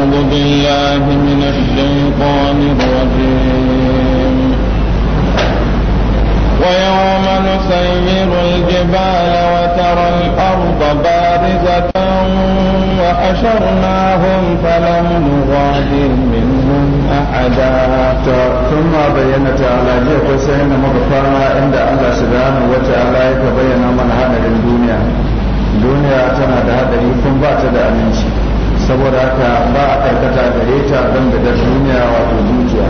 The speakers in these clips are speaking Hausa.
أعوذ بالله من الشيطان الرجيم ويوم نسير الجبال وترى الأرض بارزة وحشرناهم فلم نغادر منهم أحدا ثم بين تعالى جئت سيدنا مغفرنا عند الله سبحانه وتعالى يتبين من هذا الدنيا دنيا تنادى هذا يكون بعد ba ta saboda haka ba a karkata gare ta don da duniya wato zuciya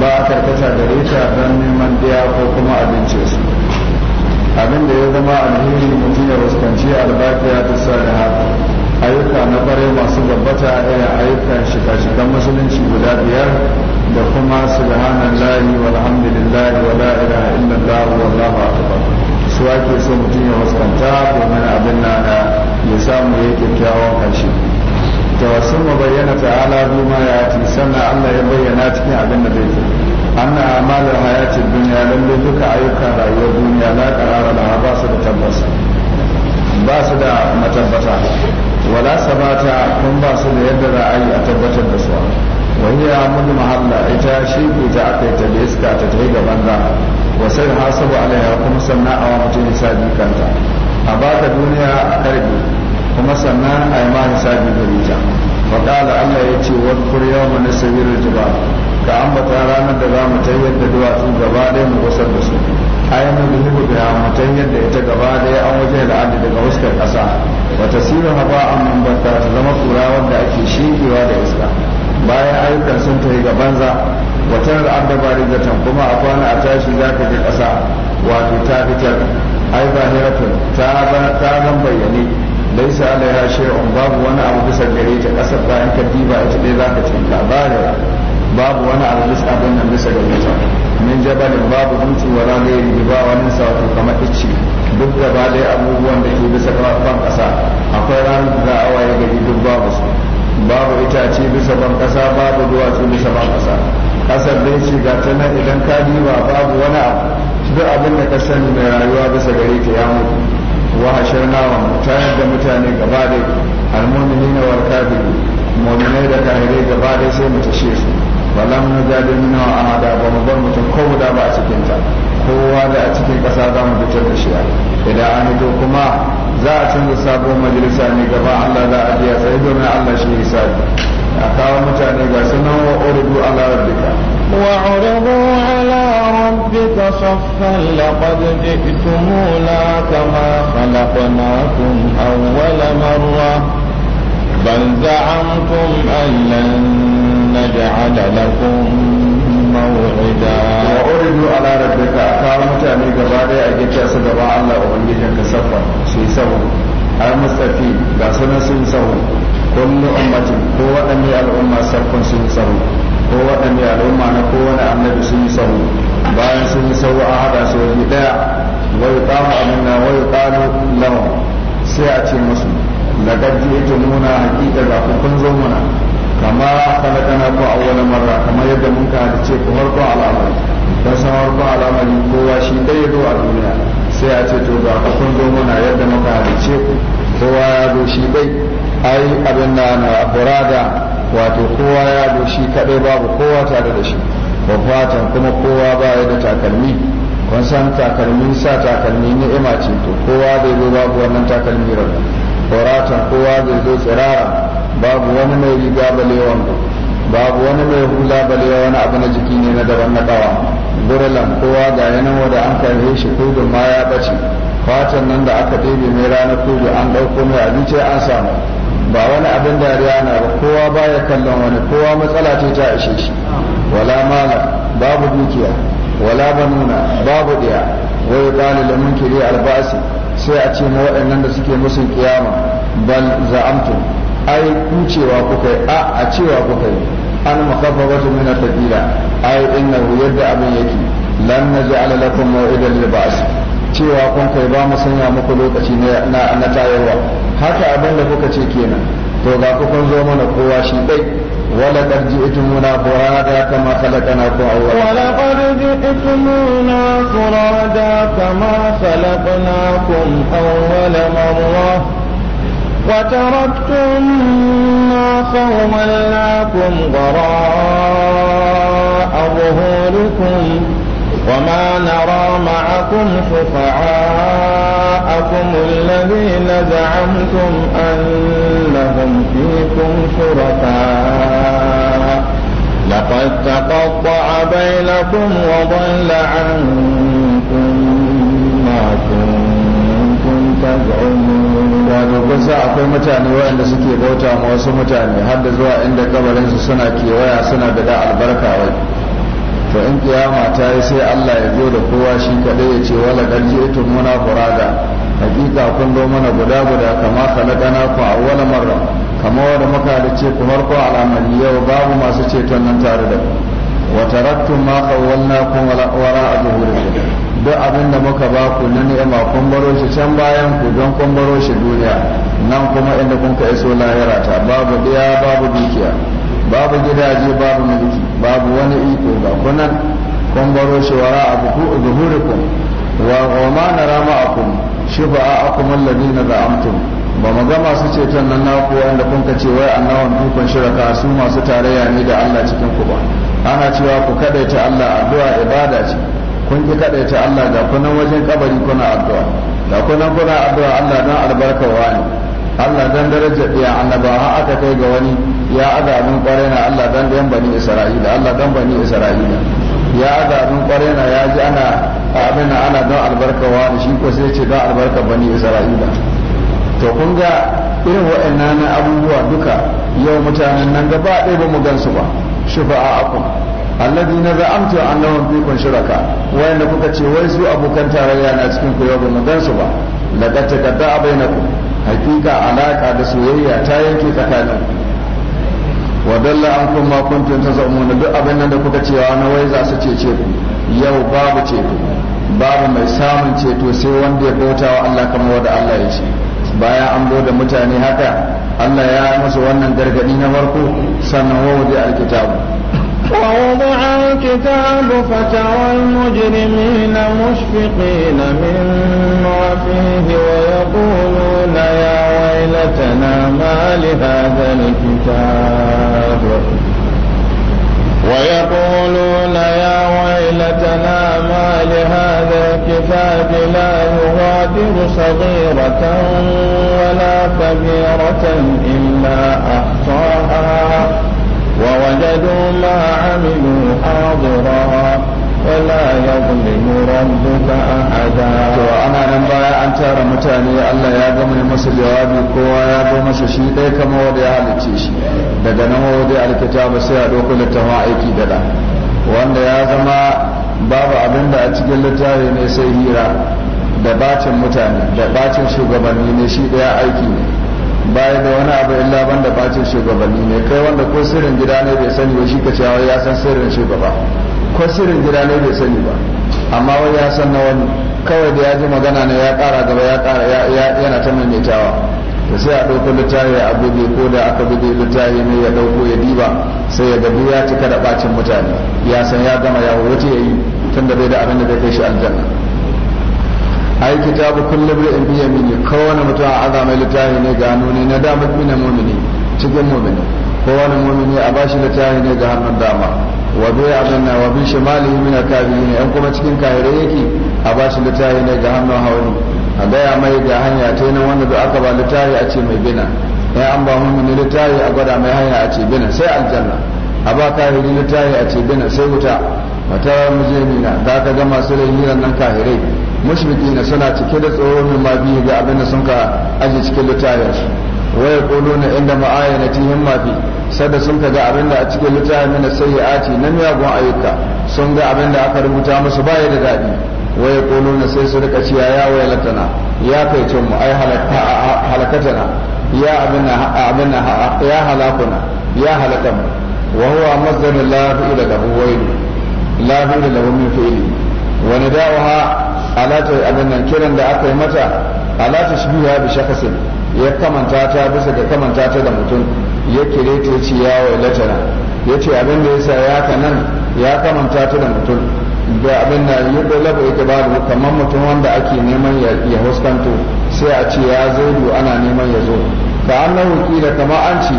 ba a karkata gare ta don neman daya ko kuma abinci su abin da ya zama alheri mutum ya fuskanci albakiya ta haka ayyuka na bare masu gabata irin ayyukan shiga-shigan musulunci guda biyar da kuma subhanallahi walhamdulillahi wala ilaha illallah wallahu akbar su ake so mutum ya fuskanta domin abin na ya samu yake kyakkyawan karshe da wasu bayyana ta'ala bima ya ci sannan Allah ya bayyana cikin abin da zai anna amalar hayatin duniya lalle duka ayyukan rayuwar duniya la karara da ba su da tabbas ba su da matabbata wala sabata kun ba su da yadda ra'ayi a tabbatar da su wa hiya mun mahalla ita shi ku ta akai ta da iska ta tafi gaban da wa sai hasabu alaiha kuma sannan a wa mutum hisabi kanta a baka duniya a karbi kuma sannan a yi ma sabi da ta faƙala Allah ya ce wani kurya mu na sabirin jibal ka ambata ranar da za mu tayyar da duwatsu gaba ɗaya mu gusar da su ayi mu gudu hudu da mu tayyar da ita gaba ɗaya an waje la'adi daga fuskar ƙasa wata sirin haba an mambata ta zama kura wanda ake shekewa da iska bayan ayyukan sun tafi ga banza wata al'adda ba rigatan kuma a kwana a tashi za ka je ƙasa wato ta fitar ai zahiratun ta zan bayyane laisa alaiha shay'un babu wani abu bisa gare ta kasar da in ka diba ita dai zaka ce labarin babu wani abu bisa abin nan bisa gare ta min jabalin babu dutse wala gairi ba wani sawato kamar ice duk da ba dai abubuwan da ke bisa ban kasa akwai ranar da awaye gari duk babu su babu itace bisa ban kasa babu duwatsu bisa ban kasa kasar dai ce ga ta nan idan ka diba babu wani abu duk abin da ka sani mai rayuwa bisa gare ta ya mutu wa nawa wa mutayar da mutane gaba da almu'minina wal kafirin mu'minai da kafirai gaba da sai mu tashe su walam nujadi minha ahada ba mu bar mutum ko guda ba a cikin ta kowa da a cikin kasa za mu fitar da shi idan an hito kuma za a canza sabon majalisa ne gaba Allah za a biya sai domin Allah shi hisabi a kawo mutane ga sunan wa uridu ala rabbika وعرضوا على ربك صفا لقد جئتمونا كما خلقناكم أول مرة بل زعمتم أن لن نجعل لكم موعدا وعرضوا على ربك أقام تاني قبالي أجيك أسدبا الله أبنجيك صفا سيسوه المستفيد قاسنا سيسوه كل أمة هو أني الأمة سفا سيسوه ko ya al'umma na kowane annabi sun yi sahu bayan sun yi sahu a haɗa su wani ɗaya wai ƙafa abin na wai ƙalu lawan sai a ce musu lagar jiyatu nuna haƙiƙa ga kun zo muna kama kana ko wani marra kamar yadda mun ka ce ku harko al'amari don san harko al'amari kowa shi ɗaya zo a duniya sai a ce to ga kun zo muna yadda muka halice ku kowa ya zo shi ɗai ai abin na na burada wato kowa ya shi kadai babu kowa tare da shi Ba fatan kuma kowa ba ya da takalmi kun san takalmi sa takalmi ni'ima ce to kowa bai zo babu wannan takalmi ran kowa bai zo tsirara babu wani mai riga balewan babu wani mai hula balewa wani abu na jiki ne na daban na kawa guralan kowa ga yanan wanda an karhe shi kudin ma ya bace fatan nan da aka ɗebe mai ranar kudu an ɗauko mai abinci an samu ba wani abin dariya na ba kowa baya kallon wani kowa matsala ce ta ishe shi wala mala babu dukiya wala banuna babu ɗaya wai bani da kire albasi sai a ce ma waɗannan da suke musu kiyama bal za'amtu ai kucewa kuka a a cewa kuka yi an makabbatu min al-fadila ai innahu yadda abin yake lan naj'ala lakum maw'idan lil ba'si cewa kun kai ba mu sanya muku lokaci na tayarwa haka abin da kuka ce kenan to ga ku kun zo mana kowa shi dai wala qad ji'tumuna furada kama khalaqnakum awwal wala qad ji'tumuna furada kama khalaqnakum awwal marrah وتركتم ما خولناكم وراء ظهوركم وما نرى معكم شفعاءكم الذين زعمتم أنهم فيكم شركاء لقد تقطع بينكم وضل عنكم ما كنتم تزعمون wato kun sa akwai mutane waɗanda suke bauta ma wasu mutane har da zuwa inda kabarinsu suna kewaya suna da da albarka to in kiyama ta yi sai Allah ya zo da kowa shi kaɗai ya ce wala garji ito muna furada hakika kun do mana guda guda kama khalaqana ku awwala marra kama wanda muka ce ku marko al'amari yau babu masu ceton nan tare da ku wa taraktum ma kun wara zuhurikum duk abin da muka ba ku na ni'ima kun baro shi can bayan ku don kun baro shi duniya nan kuma inda kun ka iso lahira ta babu ɗaya babu dukiya babu gidaje babu mulki babu wani iko ga kunan kun baro shi wara a zuhurikum wa ma nara ma'akum shifa'a akum da amtum ba mu ga masu ceton nan naku wanda kun ka ce wai annawan dukan shiraka su masu tarayya ne da Allah cikin ku ba ana cewa ku kadaita Allah addu'a ibada ce kun ki kadaita Allah ga kunan wajen kabari kuna addu'a ga kunan kuna addu'a Allah don albarkawa ne Allah dan daraja ɗaya annaba ha aka kai ga wani ya azabin kwarai na Allah dan ɗayan bani Isra'ila Allah dan bani Isra'ila ya azabin kwarai na ya ji ana abin ana don albarkawa da shi ko sai ce don albarka bani Isra'ila to kun ga irin waɗannan abubuwa duka yau mutanen nan gaba ɗaya ba mu gansu ba shufa'a akum alladhi na za'amtu annahum fikum shuraka wayanda kuka ce wai su abokan tarayya na cikin ku yau ba mu gansu ba laqad taqadda'a bainakum hakika alaka da soyayya ta yanke tsakanin wa dalla an kun ma kuntum tazamuna duk abin nan da kuka cewa na wai za su ce ku yau babu ceto babu mai samun ceto sai wanda ya bauta wa Allah kamar wanda Allah ya ce bayan an da mutane haka Allah ya musu wannan gargadi na farko sannan wa wuce alkitabu ووضع الكتاب فترى المجرمين مشفقين مما فيه ويقول سنتنا ما لهذا الكتاب ويقولون يا ويلتنا ما لهذا الكتاب لا يغادر صغيرة ولا كبيرة إلا أحصاها ووجدوا ما عملوا حاضرا ولا يظلم ربك أحدا to ana nan baya an tara mutane Allah ya gama masa jawabi kowa ya ga masa shi dai kamar wanda ya halice shi daga nan wanda alkitaba sai a dauko littafin aiki da wanda ya zama babu abin da a cikin littafi ne sai hira da bacin mutane da bacin shugabanni ne shi daya aiki ne baya da wani abu illa banda bacin shugabanni ne kai wanda ko sirrin gida ne bai sani ba shi ka cewa ya san sirrin shugaba kwasirin gida ne bai sani ba amma wani ya san na wani kawai da ya ji magana ne ya kara gaba ya kara yana ta maimaitawa da sai a ɗauko littafi a buge ko da aka buge littafi ne ya ɗauko ya diba sai ya gabu ya cika da ɓacin mutane ya san ya gama ya wuce ya yi tun da bai da abin da bai kai shi aljanna ai kitabu kullum bi in kawai kowane mutum a azamai littafi ne ga nuni na da mu'mina mu'mini cikin mu'mini kowane mumini a bashi da tayi ne ga hannun dama wa a amanna wa bi shimalihi min akabihin an kuma cikin kahire yake a bashi da tayi ne ga hannun hauni a gaya mai ga hanya ta nan wanda da aka ba littafi a ce mai bina ya an ba mumini littafi a gwada mai hanya a ce bina sai aljanna a ba kahiri littafi a ce bina sai wuta wata mina za ka ga masu lahiran nan kahirai mushriki na suna cike da tsoron mai ma biyu ga abin da sun ka aje cikin su. wa yaquluna inda ma'ayanatihim ma fi sada sun kaga abinda a cikin sai ya aci na miyagun ayyuka sun ga abinda aka rubuta musu baya da dadi wa yaquluna sai su rika cewa ya waylatana ya kai cin mu ai halakatana ya abinna abinna ya halakuna ya halakan wa huwa mazdaru la da lahu wayl la da lahu min fi'li wa nada'uha abin nan kiran da aka yi mata alata shibiha bi shakasin ya kamanta ta bisa ga kamanta ta da mutum ya kire ta ce ya wailatana ya ce abin da ya sa ya ka nan ya kamanta ta da mutum da abin da ya dole ba yake babu kamar mutum wanda ake neman ya huskanto sai a ce ya zaidu ana neman ya zo ka annahu da kama an ce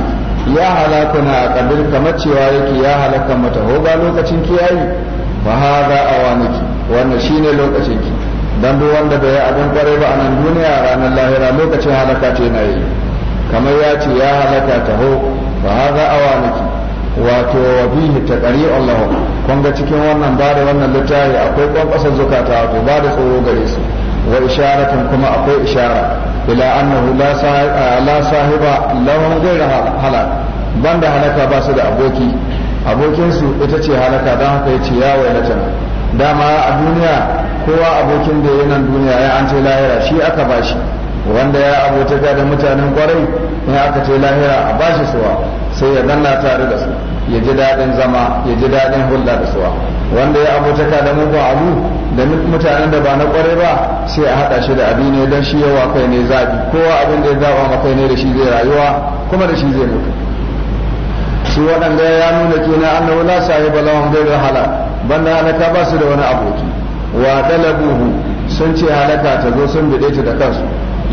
ya halaka na kabil kamar cewa yake ya halaka mata ho ga lokacin kiyayi fa hada awaniki wannan shine lokacin ki dan duk wanda bai yi abin kwarai ba a nan duniya ranar lahira lokacin halaka ce na yi kamar ya ce ya halaka taho a wa niki wato wa bihi taqari Allah kun ga cikin wannan ba da wannan littafi akwai ƙasar zukata wato ba da tsoro gare su wa isharatun kuma akwai ishara ila annahu la sahiba lahum ghayra halak banda halaka ba su da aboki abokin su ita ce halaka don haka ya ce ya wailata dama a duniya kowa abokin da ya nan duniya ya an ce lahira shi aka bashi wanda ya abotaka da mutanen kwarai in aka ce lahira a bashi suwa sai ya danna tare da su ya ji daɗin zama ya ji daɗin hulɗa da suwa wanda ya abotaka da mugun abu da mutanen da ba na kwarai ba sai a haɗa shi da abi ne don shi yawa kai ne zaɓi kowa abin da ya zaɓa makai ne da shi zai rayuwa kuma da shi zai mutu su waɗanda ya nuna kina annahu la sahib lahum ghayra hala banda halaka ba su da wani aboki wa dalabuhu sun ce halaka ta zo sun bide ta da kansu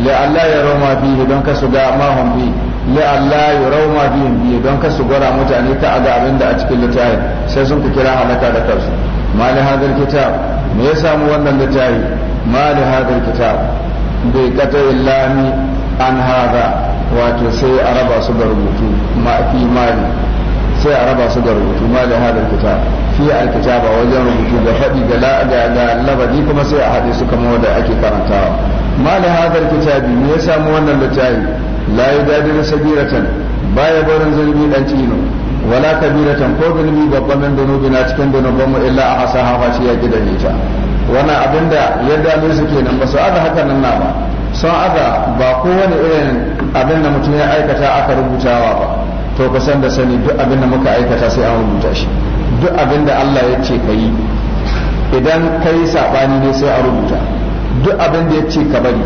la alla yarama bihi don ka su ga ma hum bi la alla yarama bihi bi don su gora mutane ta aga abin da a cikin littafin sai sun ku kira halaka da kansu mali hadal kitab me ya samu wannan littafi mali hadal kitab bai kata illami an hada wato sai a raba su da rubutu ma fi mali sai a raba su ga rubutu ma da hada kitab fi alkitaba wajen rubutu da fadi da labadi kuma sai a hade su kamar wanda ake karantawa ma da hada kitabi me ya samu wannan littafi la yudadiru sabiratan baya barin zulmi dan tino wala kabiratan ko zulmi babban nan dunubi na cikin dunuban mu illa a hasa hafa shi ya gidan ta wannan abinda ya ne su kenan ba su aka haka nan na ba sun aza ba kowane irin abin da mutum ya aikata aka rubutawa ba to ka san da sani duk abin da muka aikata sai an rubuta shi duk abin da Allah ya ce ka yi idan ka yi saɓani ne sai a rubuta duk abin da ya ce ka bari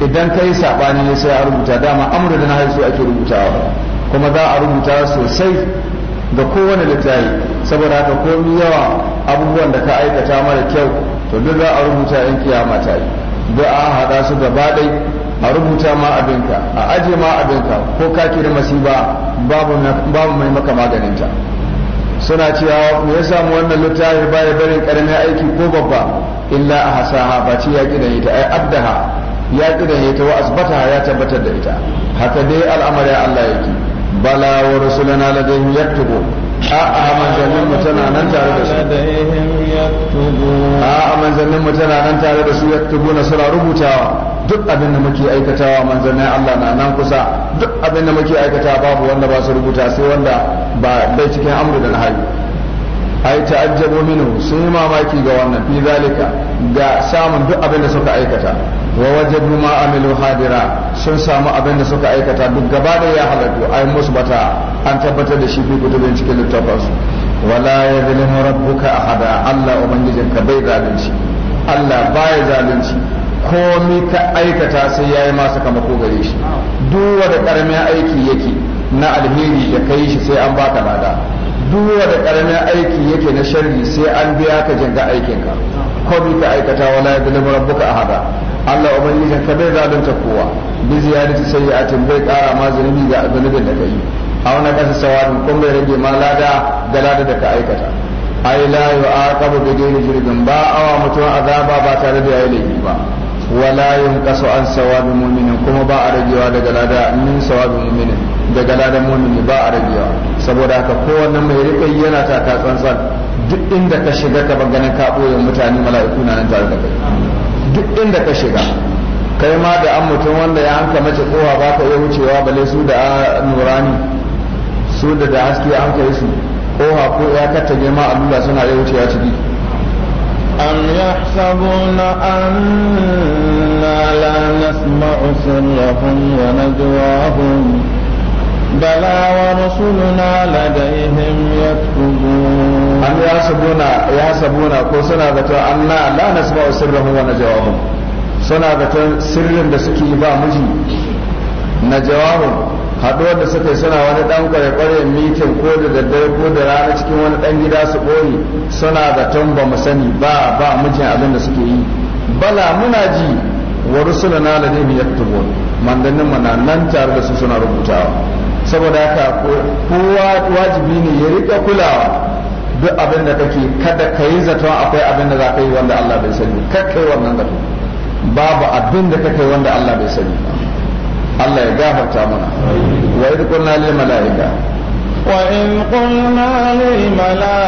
idan ka yi saɓani ne sai a rubuta dama amurda na haisu ake rubutawa kuma za a rubuta sosai ga kowane littafi saboda haka komi yawa abubuwan da ka aikata mara kyau to duk za a rubuta yan kiyama ta yi duk a haɗa su gaba ɗai a rubuta ma abinka a aje ma abinka ko ka kira masiba babu mai maka maganinta suna cewa me ya mu wannan littafi baya barin karamin aiki ko babba illa a hasaha ba ce ya kidan ita ai abdaha ya kidan ita wa asbata ya tabbatar da ita haka dai al'amari Allah yake bala wa rasulana ladayhi yaktubu a'a manzannin mu tana nan tare da su a'a manzannin mu tana nan tare da su suna rubutawa duk abin da muke aikatawa manzannin Allah na nan kusa duk abin da muke aikata babu wanda ba su rubuta sai wanda ba bai cikin amru da nahayi ai ta'ajjabu minhu sun yi mamaki ga wannan fi zalika ga samun duk abin da suka aikata wa wajabu ma amilu hadira sun samu abin da suka aikata duk gaba da ya halatu ai musbata an tabbatar da shi fi kutubin cikin littafin su wala yadhlimu rabbuka ahada Allah ka bai zalunci Allah baya zalunci komai ka aikata sai yayi masa ko gare shi duk wanda karamin aiki yake na alheri ya kai shi sai an baka lada duk wanda karamin aiki yake na sharri sai an biya ka janga aikinka ko bi ka aikata wala ya dalilin rabbuka ahada Allah ubangijin ka bai zalunta kowa bi ziyarati sayyi'atin bai kara ma zunubi ga zunubin da kai a wani kasa sawabin kun bai rage ma lada da lada da ka aikata ai la yu'aqabu bi dini jirgin ba awa mutum azaba ba tare da yayi laifi ba wala ينقص an ثواب المؤمن kuma ba a ragewa daga lada المؤمن دغلادا المؤمن daga ladan mu'mini ba a ragewa saboda haka kowanne mai rikai yana ta ka tsantsan duk inda ka shiga ka ganin ka boye mutane mala'iku na nan tare da kai duk inda ka shiga kai ma da an mutum wanda ya hanka mace kowa ba ka iya wucewa bale su da nurani su da da haske an kai su kowa ko ya katta girma allura suna iya wucewa ciki أم يحسبون أنا لا نسمع سرهم ونجواهم بلى ورسلنا لديهم يكتبون أم يحسبون يحسبون كوسنا بتو أنا لا نسمع سرهم ونجواهم سنة بتو سر بسكي با مجي نجواهم haɗuwar da suka yi suna wani ɗan kware-kware mitin ko da daddare ko da rana cikin wani dan gida su ɓoye suna zaton ba mu sani ba ba mijin abin da suke yi bala muna ji wa rusulana ladayhim yaktubun mandannin mana nan tare da su suna rubutawa saboda haka kowa wajibi ne ya rika kulawa duk abin da kake kada ka yi zaton akwai abin da za ka yi wanda Allah bai sani kakkai wannan zato babu abin da kake wanda Allah bai sani الله يغفر تامنا واذ قلنا للملائكه واذ قلنا للملائكه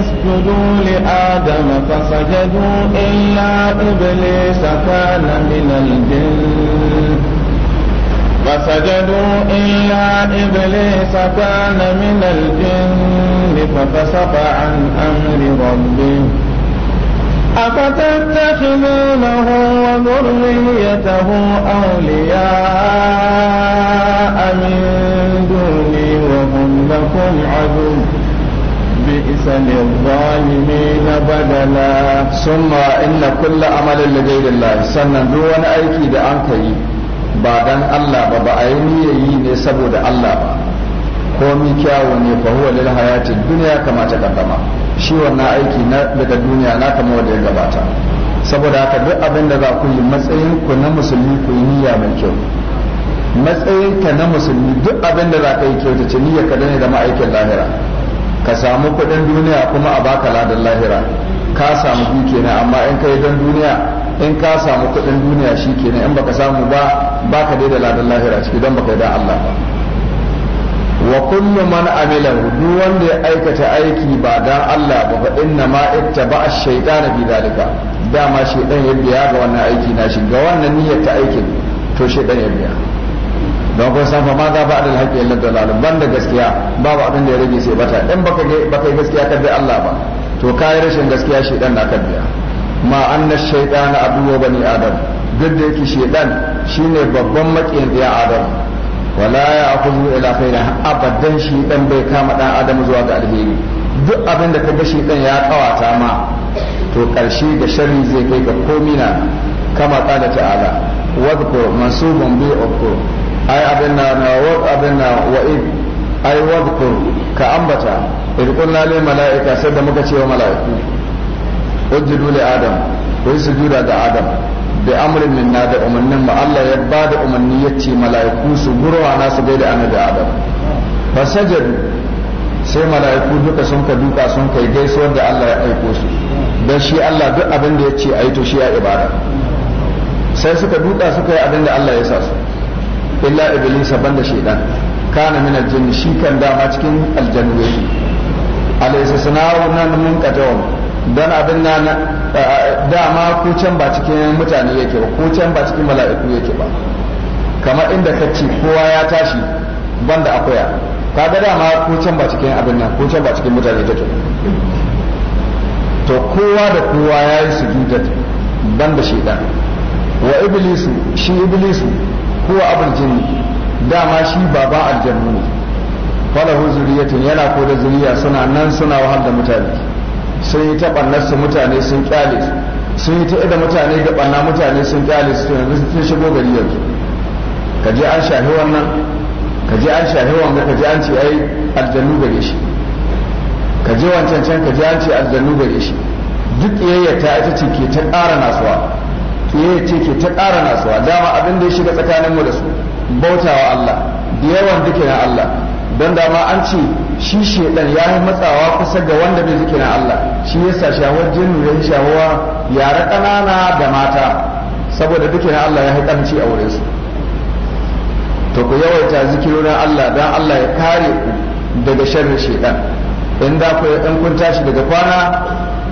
اسجدوا لادم فسجدوا الا ابليس كان من الجن فسجدوا إلا إبليس كان من الجن ففسق عن أمر ربه أفتتخذونه وذريته أولياء من دوني وهم لكم عدو بئس للظالمين بدلا ثم إن كل عمل لغير الله سنة دون أيكي لأنكي بعد أن الله ببعيني يني سبود الله ba komi kyawu ne fa huwa lil hayati dunya kama ta kaddama shi wannan aiki na daga duniya na kama wanda ya gabata saboda haka duk abin da za ku yi matsayin ku na musulmi ku yi niyya mai kyau matsayin ka na musulmi duk abin da za ka yi kyau ta ce ka ne da ma'aikin lahira ka samu kuɗin duniya kuma a baka ladan lahira ka samu bi kenan amma in ka yi don duniya in ka samu kuɗin duniya shi kenan in baka samu ba baka dai da ladan lahira ciki don baka yi da Allah ba wa kullu man amila duk wanda ya aikata aiki ba dan Allah ba fa inna ma ittaba ash shaytan bi ma dama shaytan ya biya ga wannan aiki na shi ga wannan niyyar ta aikin to shaytan ya biya don ko san fa ma za ba adal haƙƙi illa dalal ban da gaskiya babu abin da ya rage sai bata in baka baka gaskiya ka bi Allah ba to kai rashin gaskiya shaytan na kan biya ma anna shaytana abu bani adam duk da yake shaytan shine babban makiyin ya adam wala ya akuzu ila khaira abadan shi dan bai kama dan adam zuwa ga alheri duk abin da ka ga shi dan ya kawata ma to karshe da sharri zai kai ga komina kama kala ta'ala wadkur mansubun bi ukur ai abin na wa abin na wa id ai wadkur ka ambata irqulna lil malaika sai da muka ce wa malaiku ujjudu li adam ku yi sujuda ga adam bi amrin minna da umannin ba Allah ya ba da umarni yace mala'iku su gurwa na su gaida annabi adam ba sajadu sai mala'iku duka sun ka duka sun kai gaisuwar da Allah ya aiko su don shi Allah duk abin da ya ce a yi to shi ya ibada sai suka duka suka yi abin da Allah ya sa su illa iblis banda shaytan kana min aljinn shi kan dama cikin aljannu yake alaysa sana'u nan mun qatawam don abin na dama ko can ba cikin mutane yake ba ko can ba cikin mala'iku yake ba kamar inda ka ce kowa ya tashi banda akwaya kaga dama ko can ba cikin abin nan ko can ba cikin mutane take to kowa da kowa ya yi sujuda banda shaitan wa iblisu shi iblisu kowa abin jinni dama shi baba aljannu ne falahu zuriyatun yana ko da zuriya suna nan suna wahal da mutane sun yi taɓa nasu mutane sun kyale su sun yi taɓa mutane da ɓanna mutane sun kyale su yanzu sun shigo gari yanzu ka je an shahi wannan ka je an shahi wannan ka je an ce ai aljannu gare shi ka je wancan can ka je an ce aljannu gare shi duk yayyata ita ce ke ta ƙara nasuwa ƙiyayya ce ke ta ƙara nasuwa dama abin da ya shiga tsakaninmu da su bautawa Allah da yawan na Allah don dama an ce shi shaidan ya yi matsawa kusa ga wanda bai zikirin Allah shi ya sa shawar jinnu ya yi shawa yara ƙanana da mata saboda zikirin Allah ya haƙanci a wurin su to ku yawaita zikirin Allah don Allah ya kare ku daga sharrin shaidan in da ku in kun tashi daga kwana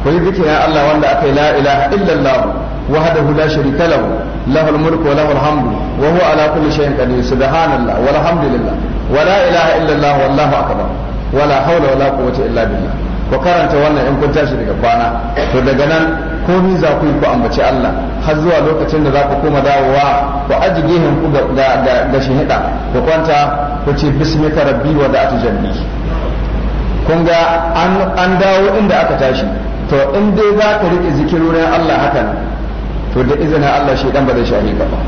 ku yi zikirin Allah wanda aka yi la ilaha illallah wahdahu la sharika lahu lahul mulku wa lahul hamdu wa huwa ala kulli shay'in qadir subhanallah walhamdulillah wa la ilaha illallah wallahu akbar wala haula wala quwwata illa billah ku karanta wannan in kun tashi daga kwana to daga nan komi za ku yi ambaci Allah har zuwa lokacin da za ku koma dawowa ku aji gehen ku ga ga shahida ku kwanta ku ce bismika rabbi wa da'atu janni kun ga an dawo inda aka tashi to in dai za ka rike zikirin Allah hakan to da izinin Allah dan ba zai shahi ka ba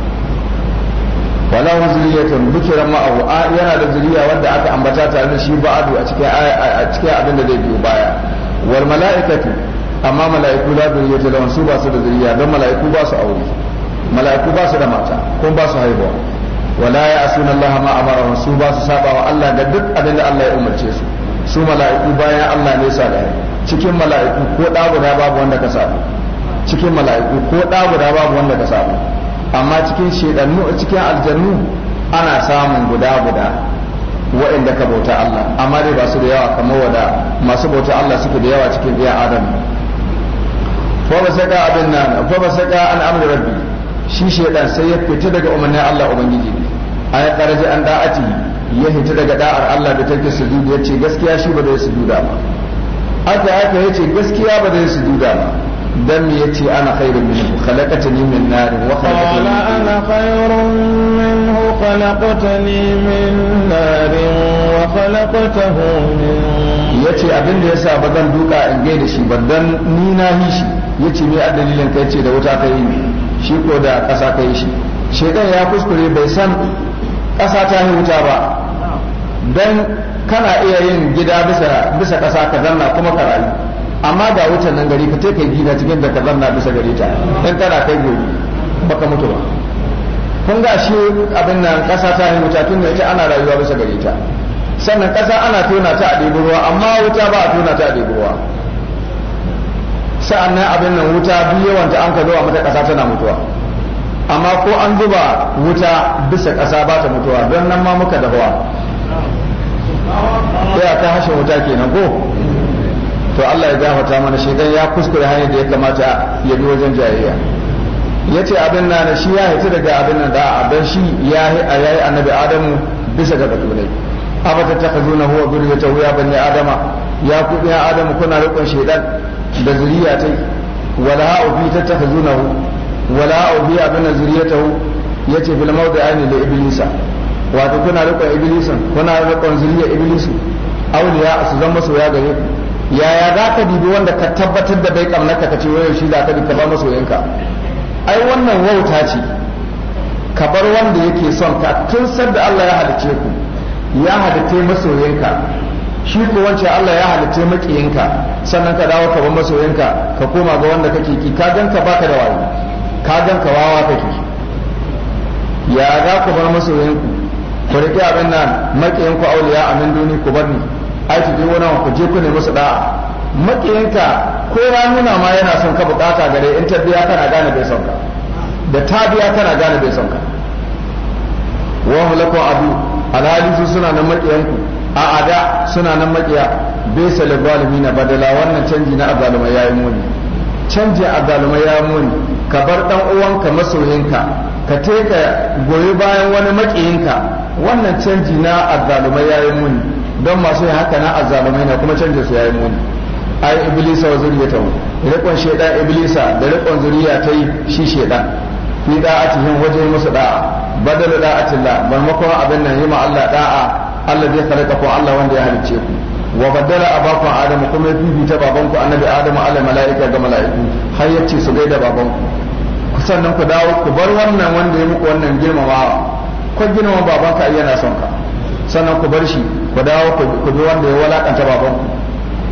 wala ma dhikra a yana da zuriya wanda aka ambata tare da shi ba'adu a cikin a cikin abin da zai biyo baya wal mala'ikatu amma mala'iku la zuriyata lahum su ba su da zuriya don mala'iku ba su aure mala'iku ba su da mata ko ba su haihuwa wala ya'suna Allah ma amara su ba su saba wa Allah ga duk abin da Allah ya umarce su su mala'iku bayan Allah ne salihai cikin mala'iku ko da guda babu wanda ka samu cikin mala'iku ko da guda babu wanda ka samu amma cikin shedannu cikin aljannu ana samun guda guda waɗanda ka bauta Allah amma dai ba su da yawa kamar wada masu bauta Allah suke da yawa cikin iya adam fa basaka abin nan fa basaka an amri rabbi shi shedan sai ya fita daga umarnin Allah ubangiji ay karaje an da'ati ya fita daga da'ar Allah da take sujud yace gaskiya shi ba zai sujuda ba aka aka yace gaskiya ba zai sujuda ba دم يتي أنا خير منه خلقتني من نار وخلقتني قال أنا خير منه خلقتني من نار وخلقته من yace abin da yasa ba zan duka in gaida shi ba dan ni na yi shi yace me dalilin kai ce da wuta kai ne shi ko da ƙasa kai shi shedan ya kuskure bai san ƙasa ta yi wuta ba dan kana iya yin gida bisa bisa ƙasa ka zanna kuma ka rayu amma ga wutan nan gari ka kai gida cikin da ka zanna bisa gare ta in tana kai gobe baka mutu ba kun ga shi abin nan ƙasa ta yi wuta tun da ita ana rayuwa bisa gare ta sannan ƙasa ana tona ta a ɗebi ruwa amma wuta ba a tona ta a ɗebi ruwa sa'annan abin nan wuta duk yawan ta an ka zo a mata ƙasa tana mutuwa amma ko an zuba wuta bisa ƙasa ba ta mutuwa don nan ma muka dahuwa ya ta hashe wuta kenan ko to Allah ya gafarta mana dan ya kuskure hanyar da ya kamata ya bi wajen jayayya yace abin nan shi ya hita daga abin nan da dan shi ya yi yayi annabi adamu bisa ga kadunai ta takhuzuna huwa zuriyata ya bani adama ya ku ya adamu kuna rikon shedan da zuriya tai wala ta takazuna tatakhuzunahu wala ha'u fi abin hu yace bil mawdi'ani li iblisa wato kuna rikon iblisan kuna rikon zuriya iblisu awliya su zama ya gare ku yaya za ka dibi wanda ka tabbatar da bai kamnaka ka ce wai shi za ka bi ka ba masoyinka ai wannan wauta ce ka bar wanda yake son ka tun sadda Allah ya halice ku ya halice masoyinka shi ko wancan Allah ya halice makiyinka sannan ka dawo ka bar masoyinka ka koma ga wanda kake ki ka ganka baka da wani ka ganka wawa kake ya za ku bar masoyinku ku riƙe abin nan makiyinku ku auliya amin duni ku bar ni Aiki ta dai wani ku je ku ne musu da'a makiyanka ko ya nuna ma yana son ka bukata gare in ta biya kana gane bai son ka da ta biya kana gane bai son ka wa hulaku abu alhali suna nan makiyanku a ada suna nan makiya bai salabalimi na badala wannan canji na ya yi muni canji ya yi muni ka bar dan uwanka masoyinka ka teka goyi bayan wani makiyinka wannan canji na ya yi muni don masu yin haka na azzalumai na kuma canje su yayi muni ai iblisa wa mu. rikon sheda iblisa da rikon zuriya ta yi shi shaydan fi da'atihim wajen musu da'a badal da'atillah maimakon abin nan yi ma Allah da'a Allah zai sarrafa ku Allah wanda ya halicce ku wa badala abaku adamu kuma ya baban ku. annabi adamu ala mala'ika ga mala'iku har yace su gaida babanku sannan ku dawo ku bar wannan wanda ya muku wannan girmamawa ko wa babanka yana son ka sannan ku bar shi ku dawo ku bi wanda ya walakanta babanku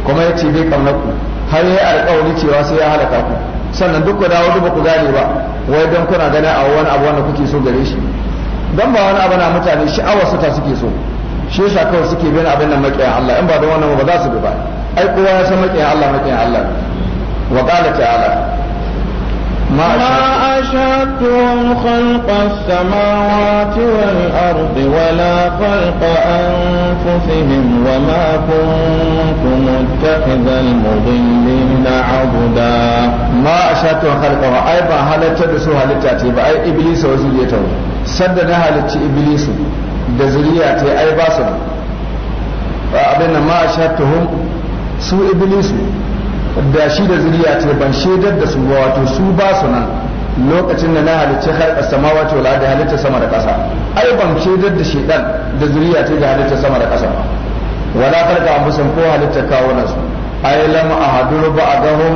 kuma ya ce bai kamna ku har ya alƙawari cewa sai ya halaka ku sannan duk ku dawo duk ku gane ba wai don kuna gani a wani abu wanda kuke so gare shi don ba wani abu na mutane sha'awar su ta suke so shi yasa kawai suke bin abin nan makiyan Allah in ba da wannan ba za su bi ba ai kowa ya san makiyan Allah makiyan Allah wa qala ta'ala ما أشهدتهم خلق السماوات والأرض ولا خلق أنفسهم وما كنت متخذ المضلين عبدا ما أشهدتهم خلقه أي با هلتا دسو هلتا تيبا أي إبليس وزريته سدنا هلتا إبليس دزريته أي باسم abin nan ma a shatuhun su iblisu da shi da zuriya ce ban shaidar da su ba wato su ba su nan lokacin da na halicci har wato la da halitta sama da ƙasa ai ban shaidar da shaidan da zuriya ce da halitta sama da ƙasa ba wala farka musun ko halitta kawo nasu ai lam ahadur ba agahum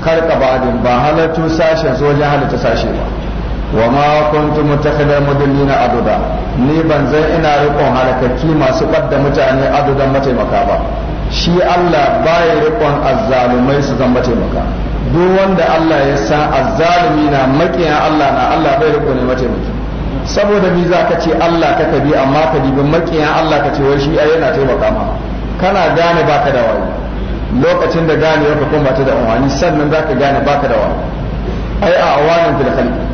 karka ba'din ba halatu sashen so wajen halitta sashe ba wa ma kuntu mutakhidal mudallina aduda ni ban zai ina riƙon halakaki masu ɓadda mutane adudan mataimaka ba shi Allah baya rikon azzalumai su zama taimaka duk wanda Allah ya sa azzalumi na makiyan Allah na Allah bai riko ne mataimaki saboda bi za ka ce Allah ka kabi amma ka dibi makiyan Allah ka ce wai shi ai yana taimaka ma kana gane baka da wani lokacin da gane ka kuma ta da umarni sannan za ka gane baka da wani ai a awanin da khalqi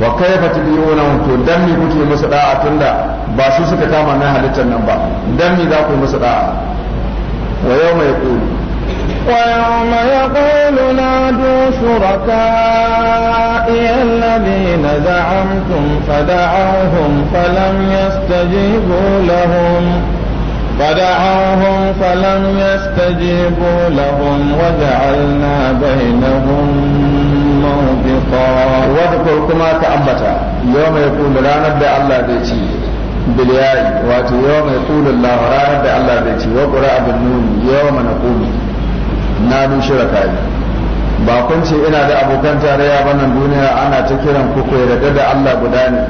wa kayfa tudiyuna to dan me kuke musu da'a tunda ba su suka kama na halittar nan ba dan me za ku musu da'a ويوم يقول ويوم يقول نادوا شركائي الذين زعمتم فدعوهم فلم يستجيبوا لهم فدعوهم فلم يستجيبوا لهم وجعلنا بينهم موبقا واذكر كما تأبتا يوم يقول رانا الله ذي biliyari wato yawa mai kulun ranar da Allah zai ce wa ƙura abin nuni yawa mana kulu na nushira kayi ba kun ce ina da abokan tarayya nan duniya ana ta kiran ku ku yarda da Allah guda ne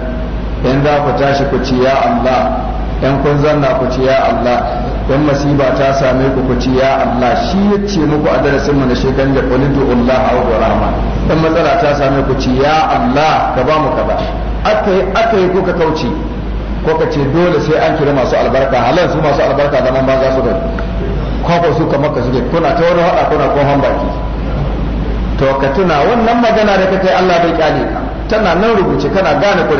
in za ku tashi ku ci ya Allah in kun zanna ku ci ya Allah in masiba ta same ku ku ci ya Allah shi ya ce muku a darasin mu na shekan da qulitu Allah au rahman in matsala ta same ku ci ya Allah ka ba mu kaza akai akai kuka kauce ko ka ce dole sai an kira masu albarka halin su masu albarka zaman ba za su gani ko su kamar ka suke kuna ta wani haɗa kuna ko baki to ka tuna wannan magana da ka kai Allah bai kyale ka tana nan rubuce kana gane ka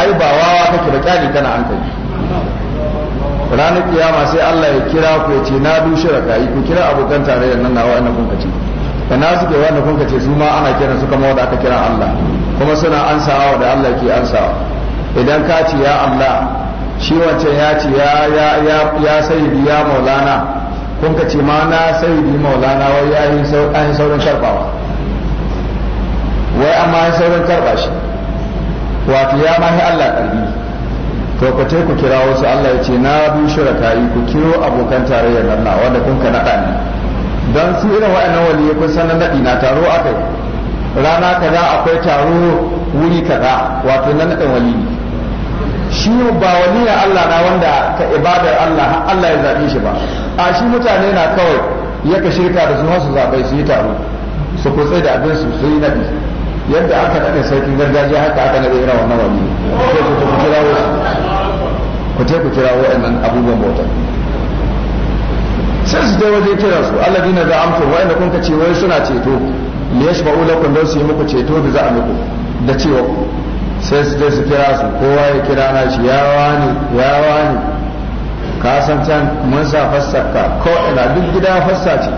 ai ba wawa kake ba kyale kana an kai ranar kiyama sai Allah ya kira ku ya ce na dushe da kayi ku kira abokan da nan nawa wa'annan kun kace da na suke wa'annan kun kace su ma ana kira su kamar wanda aka kira Allah kuma suna ansawa da Allah ke ansawa idan ka ce ya Allah shi wancan ya ce ya ya sayyidi ya maulana kun ka ce ma na sayyidi maulana wai ya yi saurin karbawa wai amma ya saurin karba shi wato ya mahi Allah karbi to ku ku kira wasu Allah ya ce na bi yi ku kiro abokan tarayyar nan wanda kun ka naɗa ne don su irin wa'annan wali kun san naɗi na taro akai rana kaza akwai taro wuri kaza wato na naɗin ne shi ba waliya Allah na wanda ka ibadar Allah Allah ya zaɓe shi ba a shi mutane na kawai ya ka shirka da su su zaɓe su yi taro su kutsai da abin su su yi naɗi yadda aka naɗe sarkin gargajiya haka aka naɗe irin wannan wani ku ku kirawo ku je ku waɗannan abubuwan bauta sai su je waje kira su Allah dina za amtu wa'anda kun ka ce wai suna ceto liyashba'u lakum don su yi muku ceto da za a muku da cewa sai su je su kira su kowa ya kira na shi ya wani ya wani ka san can mun sa fassarka ko ina duk gida fassa ce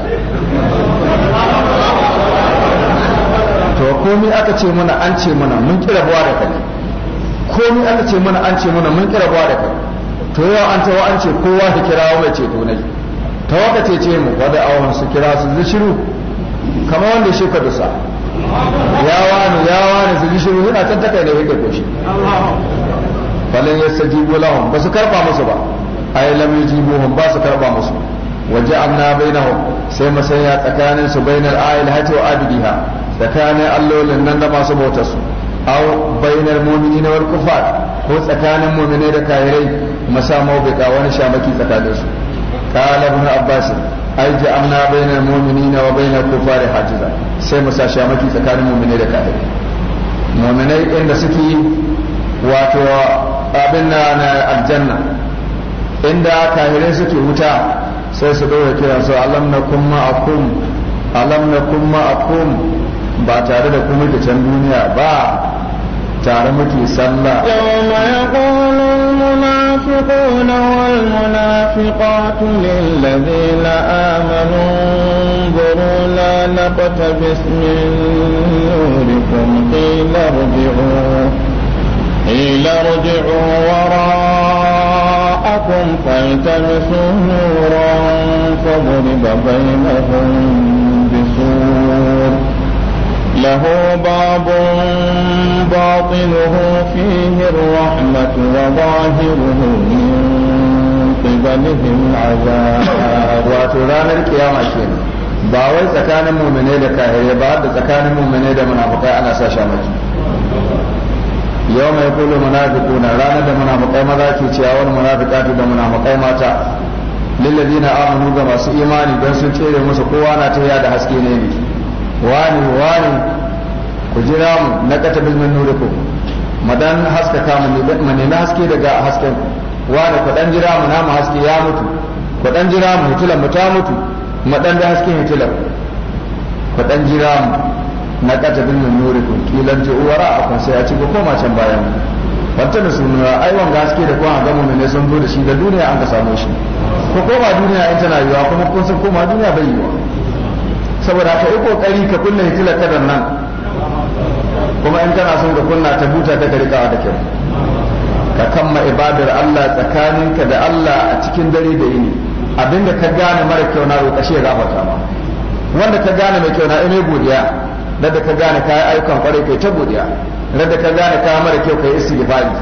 to komai aka ce mana an ce mana mun kira buwa da kai komai aka ce mana an ce mana mun kira buwa da kai to yau an tawa an ce kowa ya kira mai ceto nai ta ce ce mu wanda awon su kira su zai shiru kamar wanda shi ka dusa ya wani ya wani su ji shiru suna can takai da yake koshi falin ya saji lahum ba su karba musu ba ai lam yujibuhum ba su karba musu waje anna bainahum sai masaya tsakanin su bainar ayil hati wa abidiha tsakanin allolin nan da masu bautar su aw bainar mu'minina wal ko tsakanin mu'minai da kafirai masamau bai ga wani shamaki tsakanin su قال ابن عباس ai ja'alna bainal mu'minina wa bainal kufari hajiza sai mu sashi maki tsakanin mu'mini da kafiri mu'minai inda suke wato abin na na aljanna inda kafirai suke wuta sai su dora kira su alam nakum ma'akum alam ba tare da kuma da can duniya ba tare muke sallah yawma yaqulu المنافقون والمنافقات للذين آمنوا انظرونا نقتبس من نوركم قيل ارجعوا قيل ارجعوا وراءكم فالتمسوا نورا فضرب بينهم له باب باطنه فيه الرحمة وظاهره من قبلهم عذاب وتران القيامة كنا ba wai tsakanin mumine da kahire ba da tsakanin mumine da munafukai ana sa shamaki yau mai kulu munafiquna ranar da munafukai maza ke cewa wani munafiqatu da munafukai mata lillazina amanu ga masu imani don sun cire musu kowa na ta da haske ne wani wani ku jira mu na kata bilmin ku madan haska ta mu na haske daga hasken wani ku dan jira mu mu haske ya mutu ku dan jira mu hitilan mu ta mutu madan da hasken hitilan ku dan jira mu na kata bilmin ku kilan ji uwara a kun sai ya ci ku koma can bayan wata da suna ai wanga haske da kuma gamu mu ne sun zo da shi da duniya an ka samu shi ko koma duniya in tana yiwa kuma kun san koma duniya bai yiwa saboda ka yi kokari ka kunna hitilar kadar nan kuma in kana son ka kunna ta buta ta rikawa da kyau ka kamma ibadar Allah tsakaninka da Allah a cikin dare da yini abinda ka gane mara kyau na roƙa ya gafarta ma wanda ka gane mai kyau na ina godiya da ka gane yi ayyukan kwarai kai ta godiya da ka gane ka mara kyau kai istighfari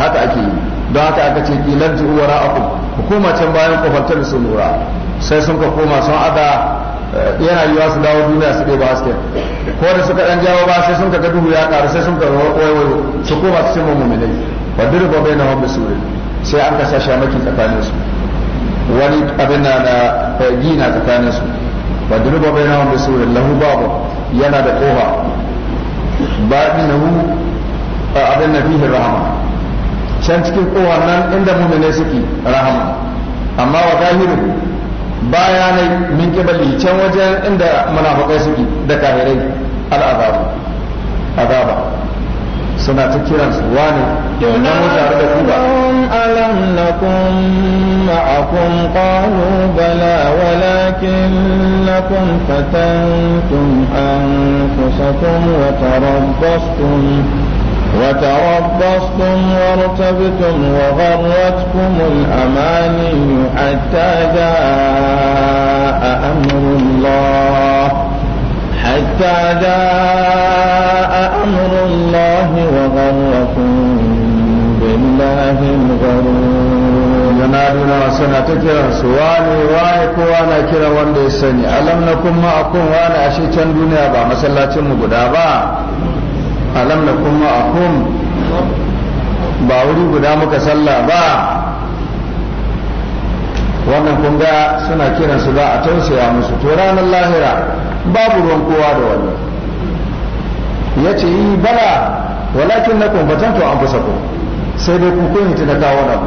haka ake yi don haka aka ce kilan ju'u wara'akum hukuma can bayan kofartar su n'ura sai sun ka koma sun ada yana yiwa su dawo duniya su ɗaya basket ko da suka ɗan jawo ba sai sun ka duhu ya ƙaru sai sun ka wayo su koma su cimma muminai ba duk ba bai na wanda su sai an ka sha maki tsakanin su wani abin na na eh, gina tsakanin su ba duk ba bai na wanda su lahu babu yana da ƙofa ba na hu eh, abin na fihin rahama can cikin ƙofar nan inda muminai suke rahama amma wa zahirin bayanai mun min kibali can wajen inda manafakar suke da kafirai al'azabu azaba suna ta kiran su wani na mu tare da ku ba alam nakum ma'akum qalu bala walakin lakum fatantum anfusakum wa tarabbastum وتربصتم وارتبتم وغرتكم الأماني حتى جاء أمر الله حتى جاء أمر الله وغركم بالله الغرور ينادون سنة تكرا سواني وايك وانا كرا وانا يسني ألم نكن معكم وانا أشي تندوني أبا مسلاتي مقدابا alam a ma'akum ba wuri guda muka sallah ba wannan kun ga suna kiran su ba a tausaya musu to ranar lahira babu ruwan kowa da wani ya ce yi bala walakin na kumfatan to an fusa ku sai dai ku kun hita da kawo nan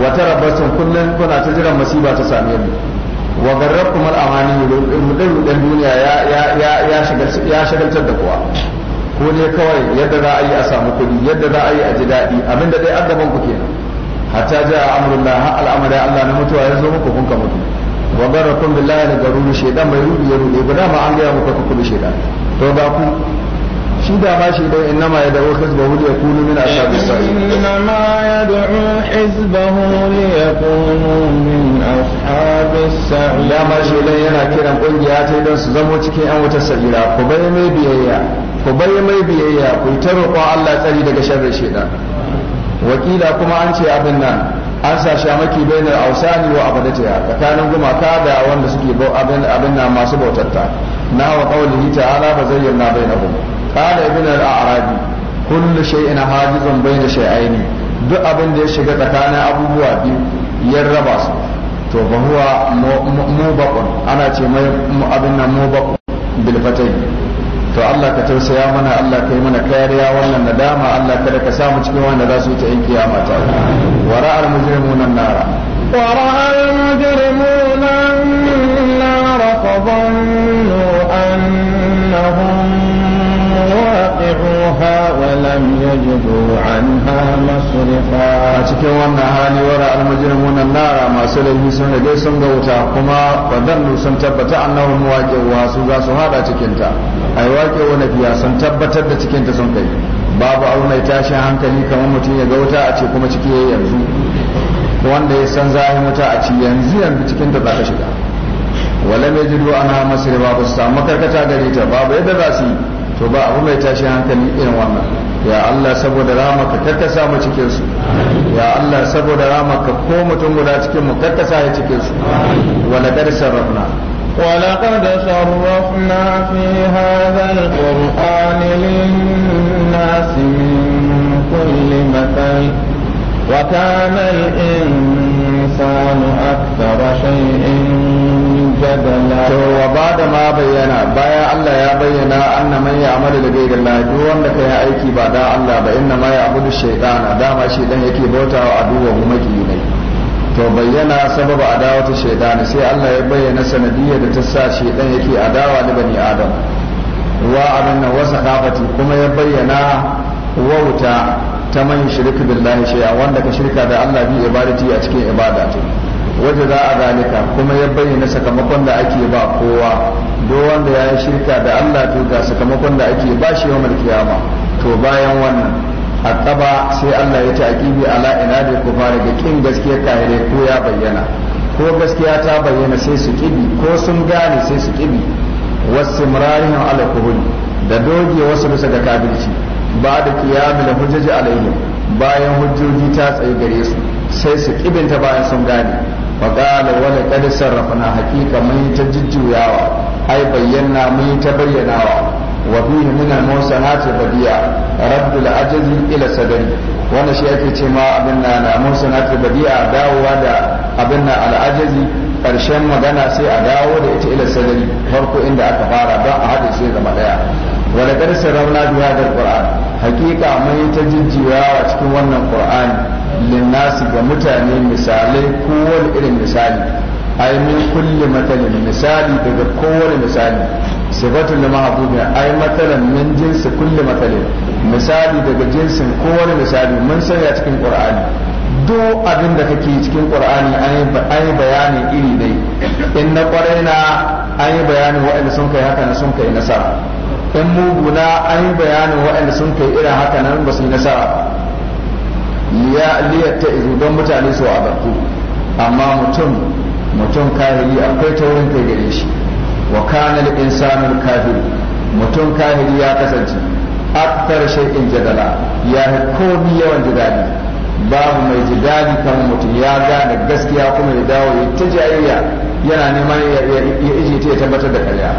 wata rabarsun kullum kuna ta jiran masiba ta same mu wa garrabkum al-amani ɗan duniya ya ya ya shagaltar da kowa ko ne kawai yadda za a yi a samu kuɗi yadda za a yi a ji daɗi abin da dai an gaban ku kenan hatta ja amrulla ha al'amari Allah na mutuwa ya zo muku kun ka mutu wa barakum billahi da garuru shaydan mai rubi ya rubi ba ma an ga muku ku kuɗi shaydan to ga ku shi da ma inna ma yad'u hizbahu li yakunu min ashabis sa'id ma yad'u hizbahu li yakunu min ashabis sa'id da ma dai yana kiran kungiya ta don su zamo cikin yan wutar sa'ira ku bai mai biyayya ku bai mai biyayya ku yi ta Allah tsari daga sharrin shaidan wakila kuma an ce abin nan an sa maki bainar ausani wa abadatiya tsakanin gumaka da wanda suke abin abin na masu bautatta na wa qawlihi ta'ala fa zayyana bainahum qala ibn al-arabi kullu shay'in hajizun baina shay'aini duk abin da ya shiga tsakanin abubuwa biyu ya raba su to ba huwa ana ce mai abin nan mubaqun bil to Allah ka tausaya mana Allah ka yi mana kariya wannan nadama Allah kada ka samu cikin wanda za su wuce in kiyama ta al mujrimuna nara al mujrimuna nara fa سمعوها ولم يجدوا عنها مصرفا cikin wannan hali wara almujrimuna nara masu laifi sun rage sun ga wuta kuma wadannu sun tabbata annahum waqi'uha su za su hada cikin ta ai waqi'u na fiya sun tabbatar da cikin ta sun kai babu auna tashin hankali kamar mutum ya ga wuta a ce kuma ciki yayi yanzu wanda ya san zai wuta a ci yanzu yanzu cikin ta za ka shiga wala mai jidu ana masirba ba su samu karkata gare ta babu yadda za su yi to ba abu mai tashi hankali irin wannan ya Allah saboda ramaka karka sa mu cikin su ya Allah saboda rama ka ko mutum guda cikin mu karka sa ya cikin su wa laqad sarrafna sarrafna ولقد صرفنا في هذا min kulli matal wa kana al-insanu أكثر shay'in to wa ba da ma bayyana bayan Allah ya bayyana anna man amala da gairin Allah duk wanda kai aiki ba da Allah ba inna ma abudu shaytana dama dan yake bautawa aduwa maki ne to bayyana sababa ta shaidana sai Allah ya bayyana sanadiyar da ta sa dan yake adawa da bani adam wa abin nan kafati kuma ya bayyana wauta ta man shirka billahi shay'a wanda ka shirka da Allah bi ibadati a cikin ibada waje za a zalika kuma ya bayyana sakamakon da ake ba kowa duk wanda ya yi shirka da Allah to ga sakamakon da ake ba shi yawmal kiyama to bayan wannan aqaba sai Allah ya ce aqibi ala inadi kufari ga kin gaskiya kahire ko ya bayyana ko gaskiya ta bayyana sai su kibi ko sun gane sai su kibi wasu murarihin alkoholi da doge wasu bisa ga kafirci ba da kiyami da hujjaji alaihim bayan hujjoji ta tsaye gare su sai su kibinta bayan sun gane faƙala wani kada sarrafana hakika mun ta jujjuyawa ai bayyana mun ta bayyanawa wa bihi min al-musanati badiya raddul ajzi ila sadri wannan shi ake ce ma abin na na musanati badiya dawowa da abin na al-ajzi karshen magana sai a dawo da ita ila sadri farko inda aka fara don a hada sai zama daya wa laqad mun ta jujjuyawa cikin wannan qur'ani للناس ga mutane misalai إلى irin misali ai كل مثل matalin misali daga kowane misali sifatun da mahabubin ai matalan min jinsi kulli matalin misali daga jinsin kowane misali mun sanya cikin qur'ani duk abin da kake cikin qur'ani an yi bayanin iri dai in na kwarai na an yi bayanin waɗanda sun kai haka sun kai nasara in muguna an yi bayanin waɗanda sun kai irin haka nan ba su yi nasara liya liyatta izu don mutane su azantu amma mutum mutum kahiri akwai taurin kai gare shi wa kana lil insanul kafir mutum kahiri ya kasance akthar shay'in jadala ya komi yawan jidali babu mai jidali kan mutum ya gane gaskiya kuma ya dawo ya ta jayayya yana neman ya ije ta ya tabbatar da karya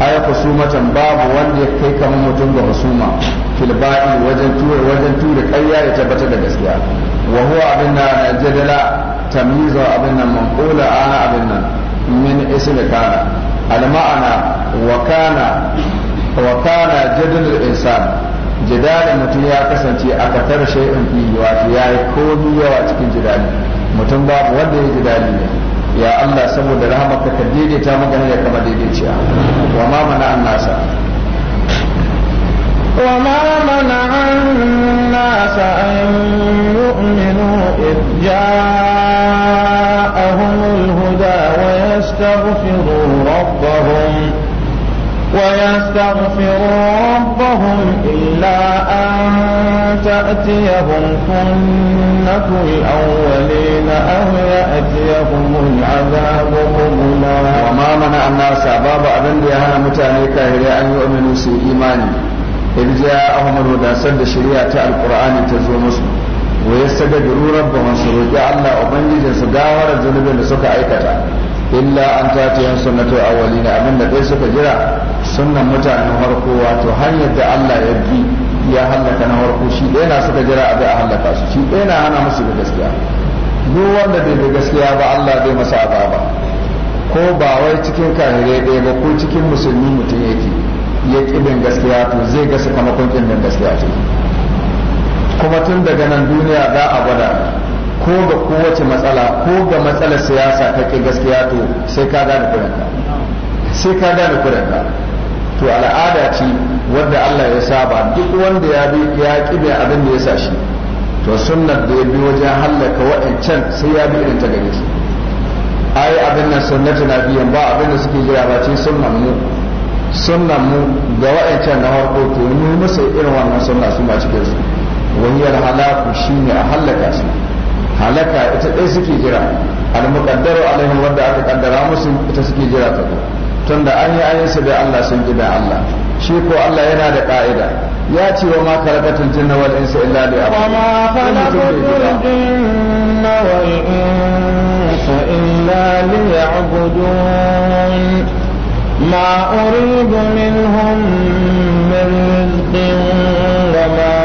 ay kusumatan babu wanda ya kai kamar mutum ga husuma fil ba'i wajen tura wajen tura ƙarya ya tabbatar da gaskiya wa huwa abin da jadala tamyiza abin nan manqula ana abin nan min ism kana al ma'ana wa kana wa kana al insan jidalin mutum ya kasance a katar shay'in fi ya yayi komi yawa cikin jidali mutum babu wanda ya jidali ne ya Allah saboda rahamarka ka daidaita magana ya kama daidaiciya wa ma mana an nasa wa ma mana an nasa an yu'minu id ja'ahumul huda wa yastaghfiru rabbahum ويستغفروا ربهم إلا أن تأتيهم سنة الأولين أو يأتيهم العذاب قبلا وما منع الناس باب أبن لها متاني كاهري أن يؤمنوا سي إيماني إذ جاءهم الهدى سد شريعة القرآن تزو مسلم ويستغفروا ربهم سرجع الله أبنجي جنس داور الذنوب اللي سكا أيكتا illa an tatiyan sunnatu awwalina da dai suka jira sunnan mutanen farko wato hanyar da Allah ya bi ya halaka na farko shi ɗaya na suka jira a a halaka su shi ɗaya na hana musu da gaskiya duk wanda bai da gaskiya ba Allah bai masa azaba ko ba wai cikin kahirai ɗaya ba ko cikin musulmi mutum yake ya ƙibin gaskiya to zai ga sakamakon ƙibin gaskiya ce kuma tun daga nan duniya za a gwada ko ga kowace matsala ko ga matsalar siyasa ta ke gaskiya to sai ka gane kuranka sai ka gane kuranka to al'ada ce wanda Allah ya saba duk wanda ya bi ya ƙi abin da ya sa shi to sunnar da ya bi wajen hallaka wa'ancan sai ya bi irin ta gare shi ai abin nan sunnatu na biyan ba abin da suke jira ba ce sunnan mu sunnan mu ga wa'ancan na harko to mu musu irin wannan sunna su ba cikin su wani halaku shine a hallaka su halaka ita ɗaya suke jira al-muqaddaru alaihim wanda aka kaddara musu ita suke jira ta zo tunda an yi ayin su da Allah sun gida Allah shi ko Allah yana da ka'ida ya ce wa ma khalaqatul jinna wal insa illa li wa ma khalaqatul jinna wal insa illa ma uridu minhum min rizqin wa ma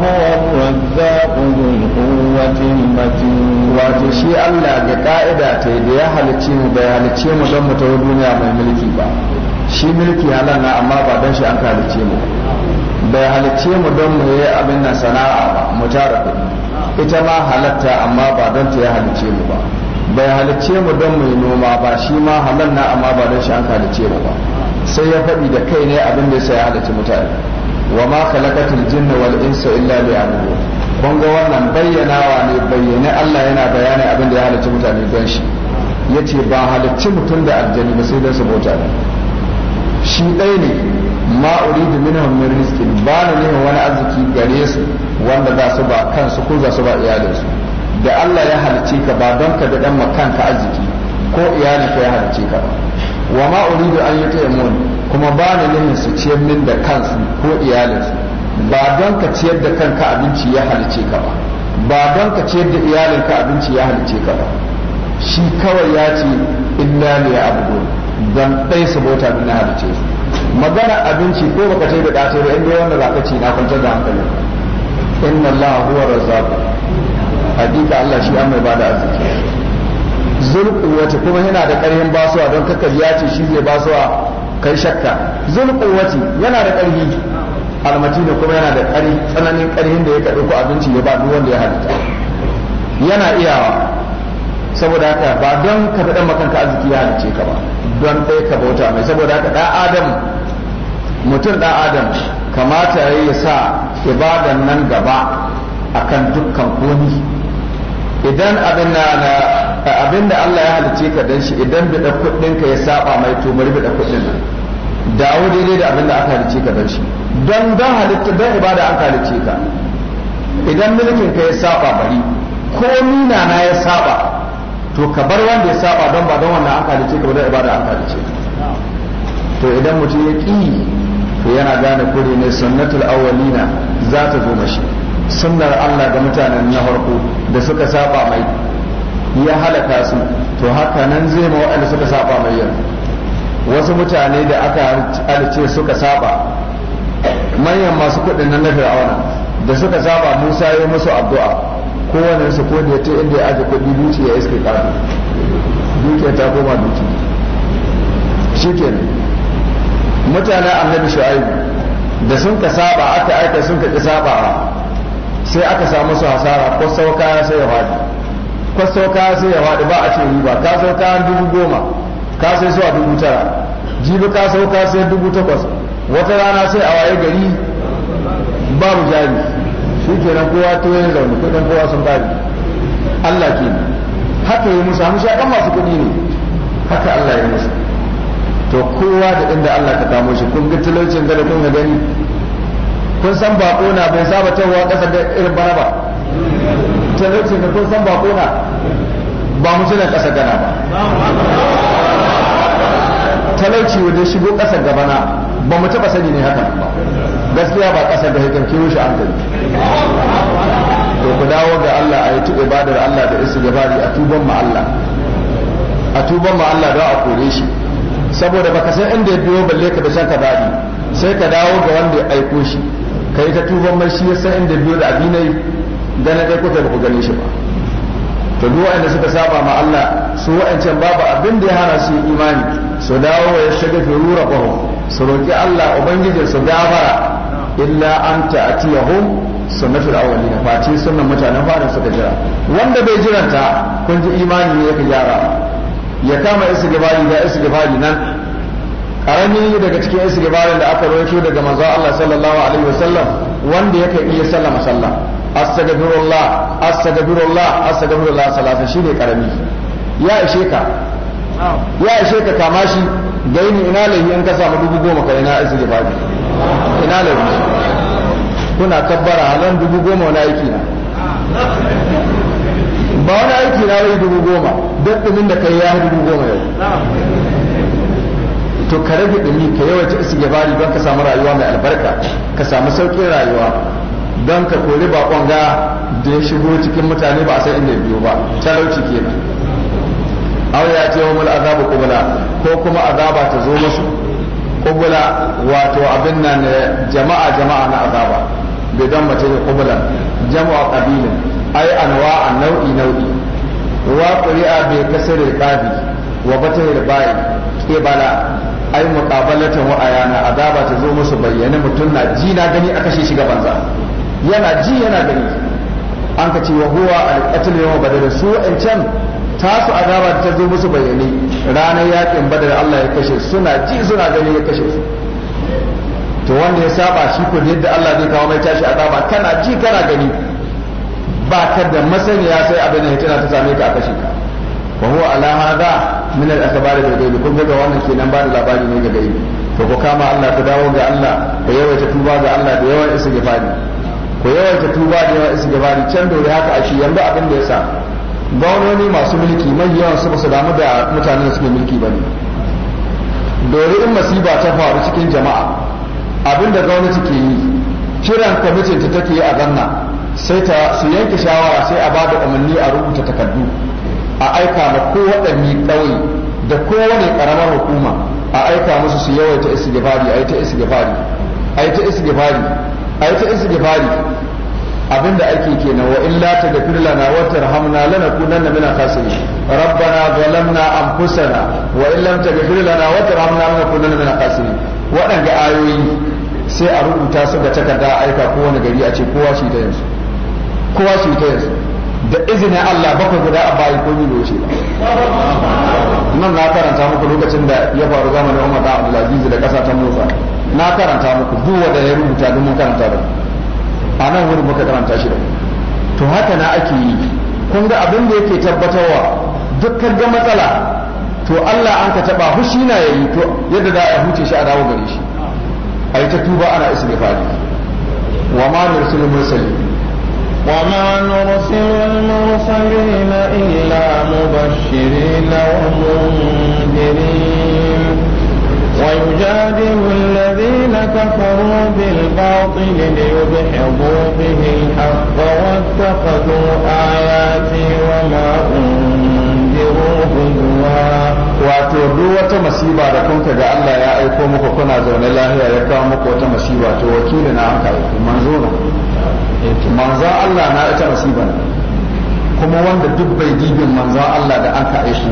وهو الرزاق ذو القوة المتين wato Allah ga ka'ida da ya halicce mu don mu tawo duniya mai mulki ba shi mulki halal na amma ba don shi an halicce mu bai halicce mu don mu yi sana'a ba mu tara kuɗi ita ma halarta amma ba don ta ya halicce mu ba bai halicce mu don mai noma ba shi ma halal na amma ba don shi an halicce mu ba sai ya faɗi da kai ne abin da sai ya halicci mutane wa ma khalaqatul jinna wal insa illa liya'budun kun ga wannan bayyanawa ne bayyane Allah yana bayani abin da ya halicci mutane don shi yace ba halicci mutum da aljani ba sai don su bauta shi ɗaya ne ma uridu minhum min rizqin ba ni wani arziki gare su wanda za su ba kansu ko za su ba iyalinsu da Allah ya halice ka ba don ka da dan ka arziki ko iyali ka ya halice ka ba wa ma uridu an yi tayamun kuma ba ni nihin su ciyar min da kansu ko iyalinsu ba don ka ciyar da kanka abinci ya halice ka ba ba don ka ciyar da iyalinka abinci ya halice ka ba shi kawai ya ce illa ne ya abu don ɗai sabota na halice su magana abinci ko baka ce da ɗata ba inda wanda za ka ci na kwantar da hankali inna Allah huwa razzaq hakika Allah shi an mai bada arziki zulku wata kuma yana da ƙarfin basuwa don kakar ya ce shi zai basuwa kai shakka zulku wata yana da ƙarfi da kuma yana da ƙarfi tsananin ƙarfin da ya kaɗi ko abinci ya ba duk wanda ya halitta yana iyawa saboda haka ba don ka faɗa makanka arziki ya halice ka ba don ɗaya ka bauta mai saboda haka ɗan adam mutum ɗan adam kamata ya yi sa ibadan nan gaba akan dukkan komi idan abin na abin da Allah ya halice ka dan shi idan da kuɗin ka ya saba mai to mu rubuta kuɗin nan dawo daidai da abin da aka halice ka dan shi don dan halitta dan ibada an halice ka idan mulkin ka ya saba bari ko nina na ya saba to ka bar wanda ya saba don ba don wannan an halice ka ba dan ibada an halice ka to idan mutum ya ƙi to yana gane kure ne sunnatul awwalina za ta zo mashi sunnar Allah ga mutanen na farko da suka saba mai ya halaka su to haka nan zai ma waɗanda suka saba mai yanzu wasu mutane da aka alice suka saba manyan masu kuɗin nan na fir'auna da suka saba musa ya musu addu'a kowane su ko da ta inda ya aje kuɗi duki ya iske ƙarfi dukiyar ta koma duki shi mutane mutanen annabi shu'aibu da sun ka saba aka aika sun ka ƙi sabawa sai aka samu su hasara ko sau kaya sai ya faɗi ko sau kaya sai ya faɗi ba a ce riba ka sau kayan dubu goma ka sai su a dubu tara jibi ka sau sai dubu takwas wata rana sai a waye gari babu jari shi nan kowa to yin zaune kudin kowa sun bari Allah ke haka yi musu hamsha kan masu kuɗi ne haka Allah ya musu to kowa da inda Allah ka kamo shi kun ga talaucin gada kun ga gani kun san bako na bai saba tawowa kasar da irin bana ba tare ce da kun san bako na ba mutunan kasar gana ba talauci wajen shigo kasar gaba na ba mu taba sani ne haka ba gaskiya ba kasar da hakan kiwo shi an gani to ku dawo ga Allah a yi ba da Allah da da bari a tuban ma Allah a tuban ma Allah don a kore shi saboda baka san inda ya biyo balle ka da shanka ka sai ka dawo ga wanda ya aiko shi kai ta tuban mai shi ya inda biyu da abinai gane na kuka ba ku gane shi ba to duk wa'anda suka saba ma Allah su wa'ancan babu abin da ya hana su imani su dawo wa shiga fi ba qahu su roki Allah ubangijin su gafara illa an ta'tiyahum sunnatul awwalin fati sunnan mutanen fara suka jira wanda bai jiranta kun ji imani ne yake gyara ya kama istighfari da istighfari nan karami daga cikin yansu sigibarin da aka rawaito daga manzo Allah sallallahu alaihi wasallam wanda yake iya sallama sallah astaghfirullah astaghfirullah astaghfirullah salatu shine karami ya ishe ka ya ishe ka kama shi gaini ina lahi an ka samu dubu goma ka ina istighfari ina lahi kuna kabbara halan dubu goma wani aiki na ba wani aiki na wai dubu goma duk da kai ya dubu goma yau to ka rage dumi ka yawaita istighfari don ka samu rayuwa mai albarka ka samu sauƙin rayuwa don ka kori bakon ga da ya shigo cikin mutane ba a san inda biyo ba talauci kenan aw ya ce wa azabu qubla ko kuma azaba ta zo musu qubla wato abin nan eh, jama'a jama'a na azaba bidan mace ne qubla jama'a qabilin ai a nau'i nau'i wa qari'a bi kasri qabi wa batahil ke bala ai muqabalatan wa ayana azaba ta zo musu bayyane mutum na ji na gani aka shi shiga banza yana ji yana gani an ka ce wa huwa al-qatl yawm badar su in can tasu azaba ta zo musu bayyane ranar yakin badar Allah ya kashe suna ji suna gani ya kashe su to wanda ya saba shi ko yadda Allah zai kawo mai tashi azaba kana ji kana gani ba ka da masaniya sai abin da ya tana ta same ka a kashe ka wa huwa ala hadha min al akbar bil ghaib kun ga wannan kenan ba da labari ne ga gaibi to ku kama Allah ku dawo ga Allah da yawaita tuba ga Allah da yawan ko ku yawaita tuba da yawan istighfari can dole haka a shi yanzu abin da yasa gwamnoni masu mulki mai yawan su ba su damu da mutanen da suke mulki ba ne dole in masiba ta faru cikin jama'a abin da gwamnati ke yi kiran kwamitin ta take yi a ganna sai ta su yanke shawara sai a bada umarni a rubuta takardu a aika ma ko waɗanne ƙauye da kowane ƙaramar hukuma a aika musu su yawaita istighfari a yi ta istighfari a yi ta istighfari a yi ta istighfari abinda ake kenan wa illa ta da firlana wa tarhamna na. min khasirin rabbana zalamna anfusana wa illam taghfir lana wa tarhamna lanakunanna min khasirin waɗanda ayoyi sai a rubuta su da takarda a aika kowane gari a ce kowa shi ta yanzu kowa shi ta yanzu da izinin Allah bakwai guda a bayi ko da wuce ba nan na karanta muku lokacin da ya faru zamanin Umar da Abdulaziz da kasa ta Musa na karanta muku duk wanda ya rubuta duk mun karanta da a nan wurin muka karanta shi da to haka na ake yi kun ga abin da yake tabbatarwa dukkan ga matsala to Allah an ka taba hushi na yayi to yadda da a huce shi a dawo gare shi a yi ta tuba ana istighfari wa ma nursul mursalin وما نرسل المرسلين إلا مبشرين ومنذرين ويجادل الذين كفروا بالباطل ليدحضوا به الحق واتخذوا آياتي وما أنذروا هزوا wato duk wata masiba da kun ga Allah ya aiko muku kuna zaune lahiya ya kawo muku wata masiba to wakili na an ka aiko manzo Eh, manzan Allah na ita nasiba kuma wanda duk bai dibin manzan Allah da aka aishi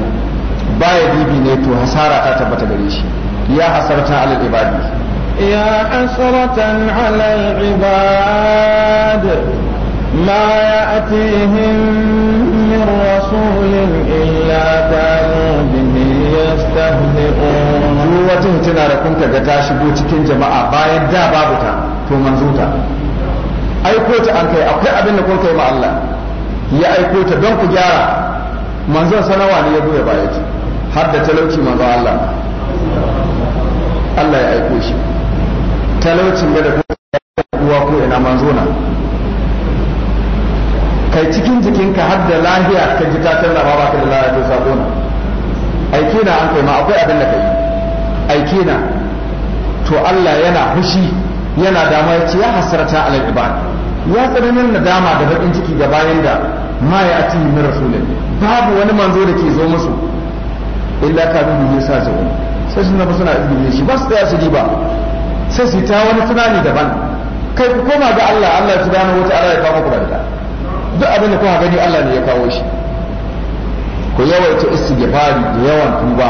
ya dibi ne to hasara ta tabbata gare shi ya hasarta alal ibadi ya hasratan alal ibad ma ya'tihim min rasulin illa kanu bihi yastahzi'un wata tana da kunta ga tashi shigo cikin jama'a bayan da babu ta to manzuta aiko ta an kai akwai abin da kun kai ma Allah ya aiko ta don ku gyara manzon sanawa ne ya goya baya ce har da talauci manzon Allah Allah ya aiko shi talaucin da da kuwa ko ina manzo na kai cikin jikinka har da lahiya ka ji ta tana ba ka da lahiya to sako na aike na an kai ma akwai abin da kai aike na to Allah yana hushi yana dama ya ce ya hasrata alal ibad ya tsananin nadama da bakin ciki da bayan da ma ya ati min rasulin babu wani manzo da ke zo musu illa ka bi ne sa zo sai sun nafi suna izini shi ba su tsaya su ba sai su ta wani tunani daban kai ku koma ga Allah Allah ya wata ara ya kawo ku barka duk abin da kuka gani Allah ne ya kawo shi ku yawaita istighfari da yawan tuba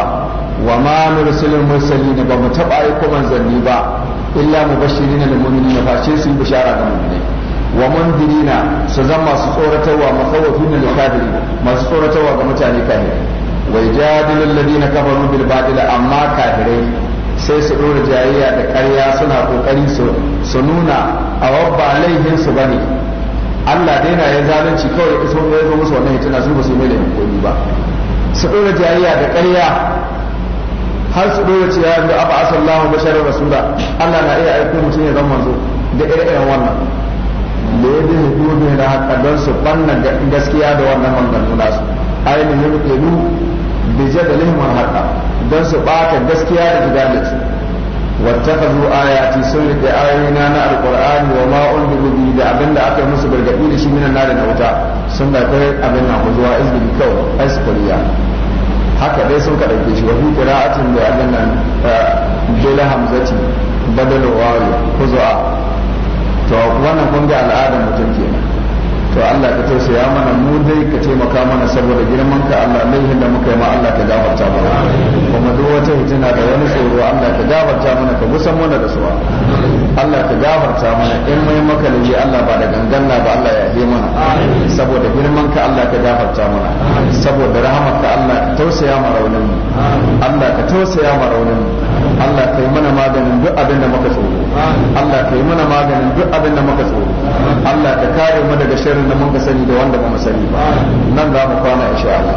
wa ma nursilul mursalin ba mu taba aiko manzanni ba illa mubashirin lil mu'minin fa sai su bishara ga mu'minai wa mundirina su zama su tsoratarwa makawafin lil kafiri masu tsoratarwa ga mutane kafiri wa jadilul ladina kafaru bil batil amma kafirai sai su dora jayayya da ƙarya suna kokari su nuna a wabba laihin su bane Allah dai na ya zalunci kawai iso ne ya zo musu wannan hitina su ba su mai da hankali ba su dora jayayya da ƙarya har su dora cewa da aba asallahu bashar rasula Allah na iya aiko mutum ya zama manzo da ire-iren wannan da ya bi hududin haka don su banna gaskiya da wannan nuna su ainihin ilu bi lihman haka don su bata gaskiya da jidalci sun rike سنة na na القرآن wa أنزل به da abinda aka musu gargaɗi da shi minan na da nauta sun da kai abin na huzuwa izbin kyau aiskuriya haka dai sun ka ɗauke shi wafi qira'atin da abin nan eh, bila hamzati badal wawi to wannan kun ga al'adar mutum kenan to Allah ka ya mana mu dai ka taimaka mana saboda girman ka Allah laihin da muka yi ma Allah ka gafarta mana kuma duk wata da wani tsoro Allah ka gafarta mana ka gusan mana da suwa Allah ka gafarta mana in mai maka ne Allah ba da ganganna ba Allah ya yi mana saboda girman ka Allah ka gafarta mana saboda rahamar ka Allah ka tausaya ma raunin mu Allah ka tausaya ma raunin mu Allah ka yi mana maganin duk abin da muka tsoro Allah ka yi mana maganin duk abin da muka tsoro Allah ka kare mu daga sharrin da muka sani da wanda ba mu sani ba nan za mu kwana insha Allah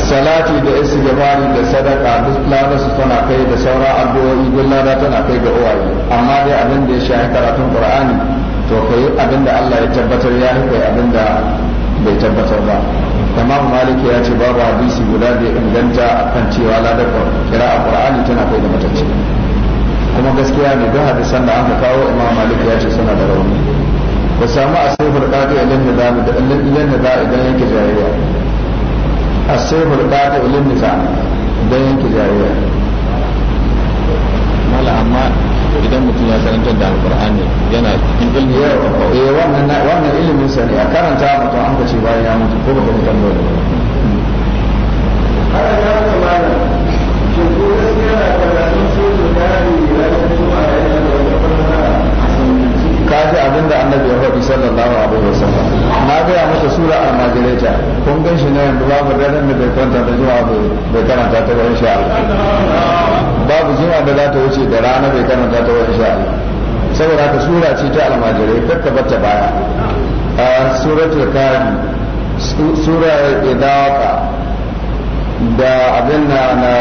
salati da istighfari da sadaka duk lada su tana kai da saura addu'o'i duk lada tana kai ga uwaye amma dai abin da ya shafi karatun qur'ani to kai abin da Allah ya tabbatar ya kai abin da bai tabbatar ba imam malik ya ce babu hadisi guda da inganta akan cewa ladar kira a qur'ani tana kai da matacce kuma gaskiya ne duk hadisan da aka kawo imam malik ya ce suna da rauni ba samu a sai furqatu da ilan da idan yake jariya asirul bata ilin nisa don yanke jariya mala amma idan mutum ya karanta da alkur'ani yana cikin ilmi ya ilimin sa ne a karanta mutum an kace bayan ya mutu ko baka mutan dole har ya kamata shi ko gaskiya na karatu sai da gari ya kuma ya da wannan ka ji abinda annabi ya faɗi sallallahu alaihi wasallam na gaya masa sura a ta kun gan shi na yanzu babu daren da bai kwanta da zuwa bai karanta ta wani sha babu zuwa da za ta wuce da rana bai karanta ta wani sha saboda ka sura ce ta almajirai kakka bata baya a suratul kafi sura dawaka da abin na na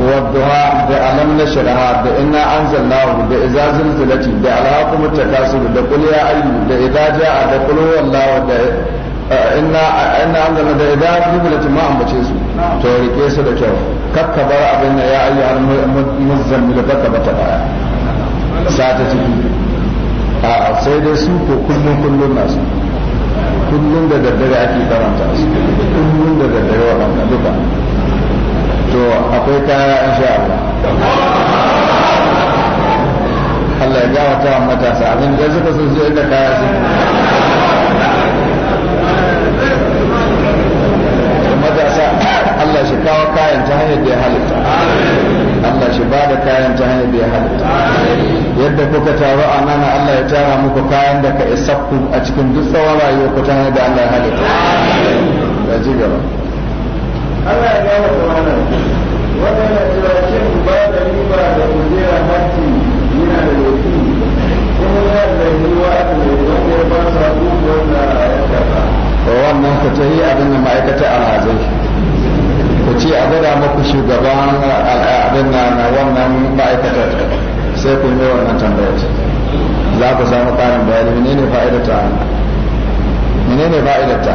wadduha da alam na shari'a da inna anzalnahu da idza zilzilati da alhaqum takasur da qul ya ayyu da idza jaa da qul wallahu da eh, inna inna anzalna da idza zilzilati ma ambace su to rike su da kyau kakka bar abin na ya ayyu al muzammil kakka bata baya ta ciki a sai dai su ko kullun kullun nasu kullum da daddare ake karanta su kullum da daddare waɗanda duka to akwai kaya in sha Allah Allah ya gawata wa matasa abin da suka so su inda kaya su matasa Allah shi kawo kayan ta hanyar da ya halitta Allah shi ba da kayan ta hanyar da ya halitta yadda kuka taru a nan Allah ya tara muku kayan da ka isa ku a cikin duk tsawon rayuwar ku ta hanyar da Allah ya halitta da ji gaba Allah ya gawa da wannan wannan na cewa shin ba da riba da kujera hati yana da laifi kuma ya da yiwuwa ne wanda ya ba sa duk wanda ya karba wannan ka ta yi abin da ma'aikata alhazai ku ce a gada muku shugaban al'adun na wannan ma'aikata sai ku yi wannan ce za ku samu ƙarin bayani menene fa'idata menene fa'idata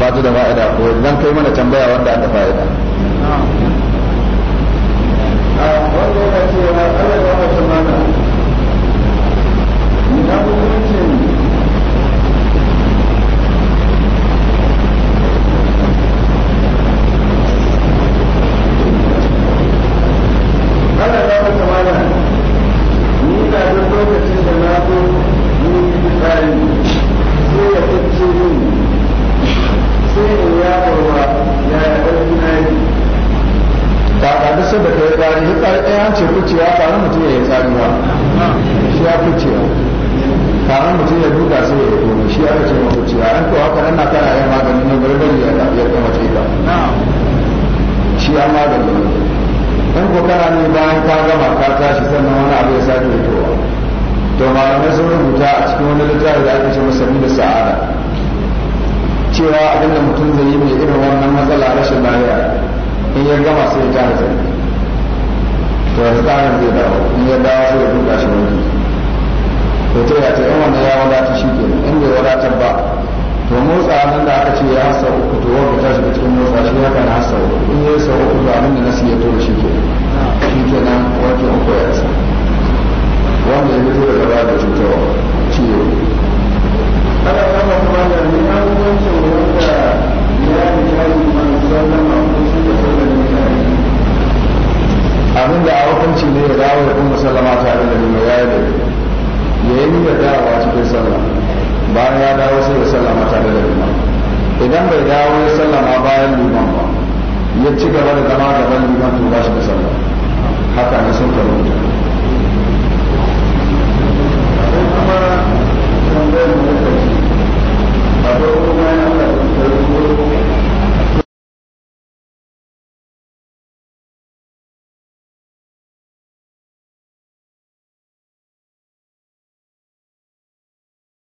ba ta da fa'ida ko zan kai mana tambaya wanda an da fa'ida ah, wanda yana cewa Allah ya ce kucewa tare mutum ya yi tsariwa shi ya kucewa kawai mutum ya duka sai ya komi shi ya ce kucewa an kowa haka nan na kana yin maganin nan barbari ya ya kama ce ka shi ya ne in ko kana ne bayan ka gama ka tashi sannan wani abu ya sake fitowa to malamai sun rubuta a cikin wani littafi da ake ce masa da sa'ada cewa abinda mutum zai yi mai irin wannan matsala rashin lafiya in ya gama sai ya zai to yanzu kayan zai dawo in ya dawo sai ya duka shi wani to ta yi ce in wanda ya wadata shi ke in bai wadatar ba to motsa nan da aka ce ya hasa uku to wanda ta shiga cikin motsa shi ya kan hasa uku in ya hasa uku to abin da na ya tura shi ke shi ke nan wanke uku ya isa wanda ya fito daga baya da cutarwa ciwo ana kama kuma da ni an wancan wanda ya fi shayi man sallama abinda da a hukunci ne ya dawo da kuma sallama tare da nuna ya yi da ya yi niyyar dawowa cikin sallah bayan ya dawo sai ya sallama ta da nuna idan bai dawo ya sallama bayan liman ba ya ci gaba da zama gaban liman to ba shi da sallah haka ne sun karanta akwai kuma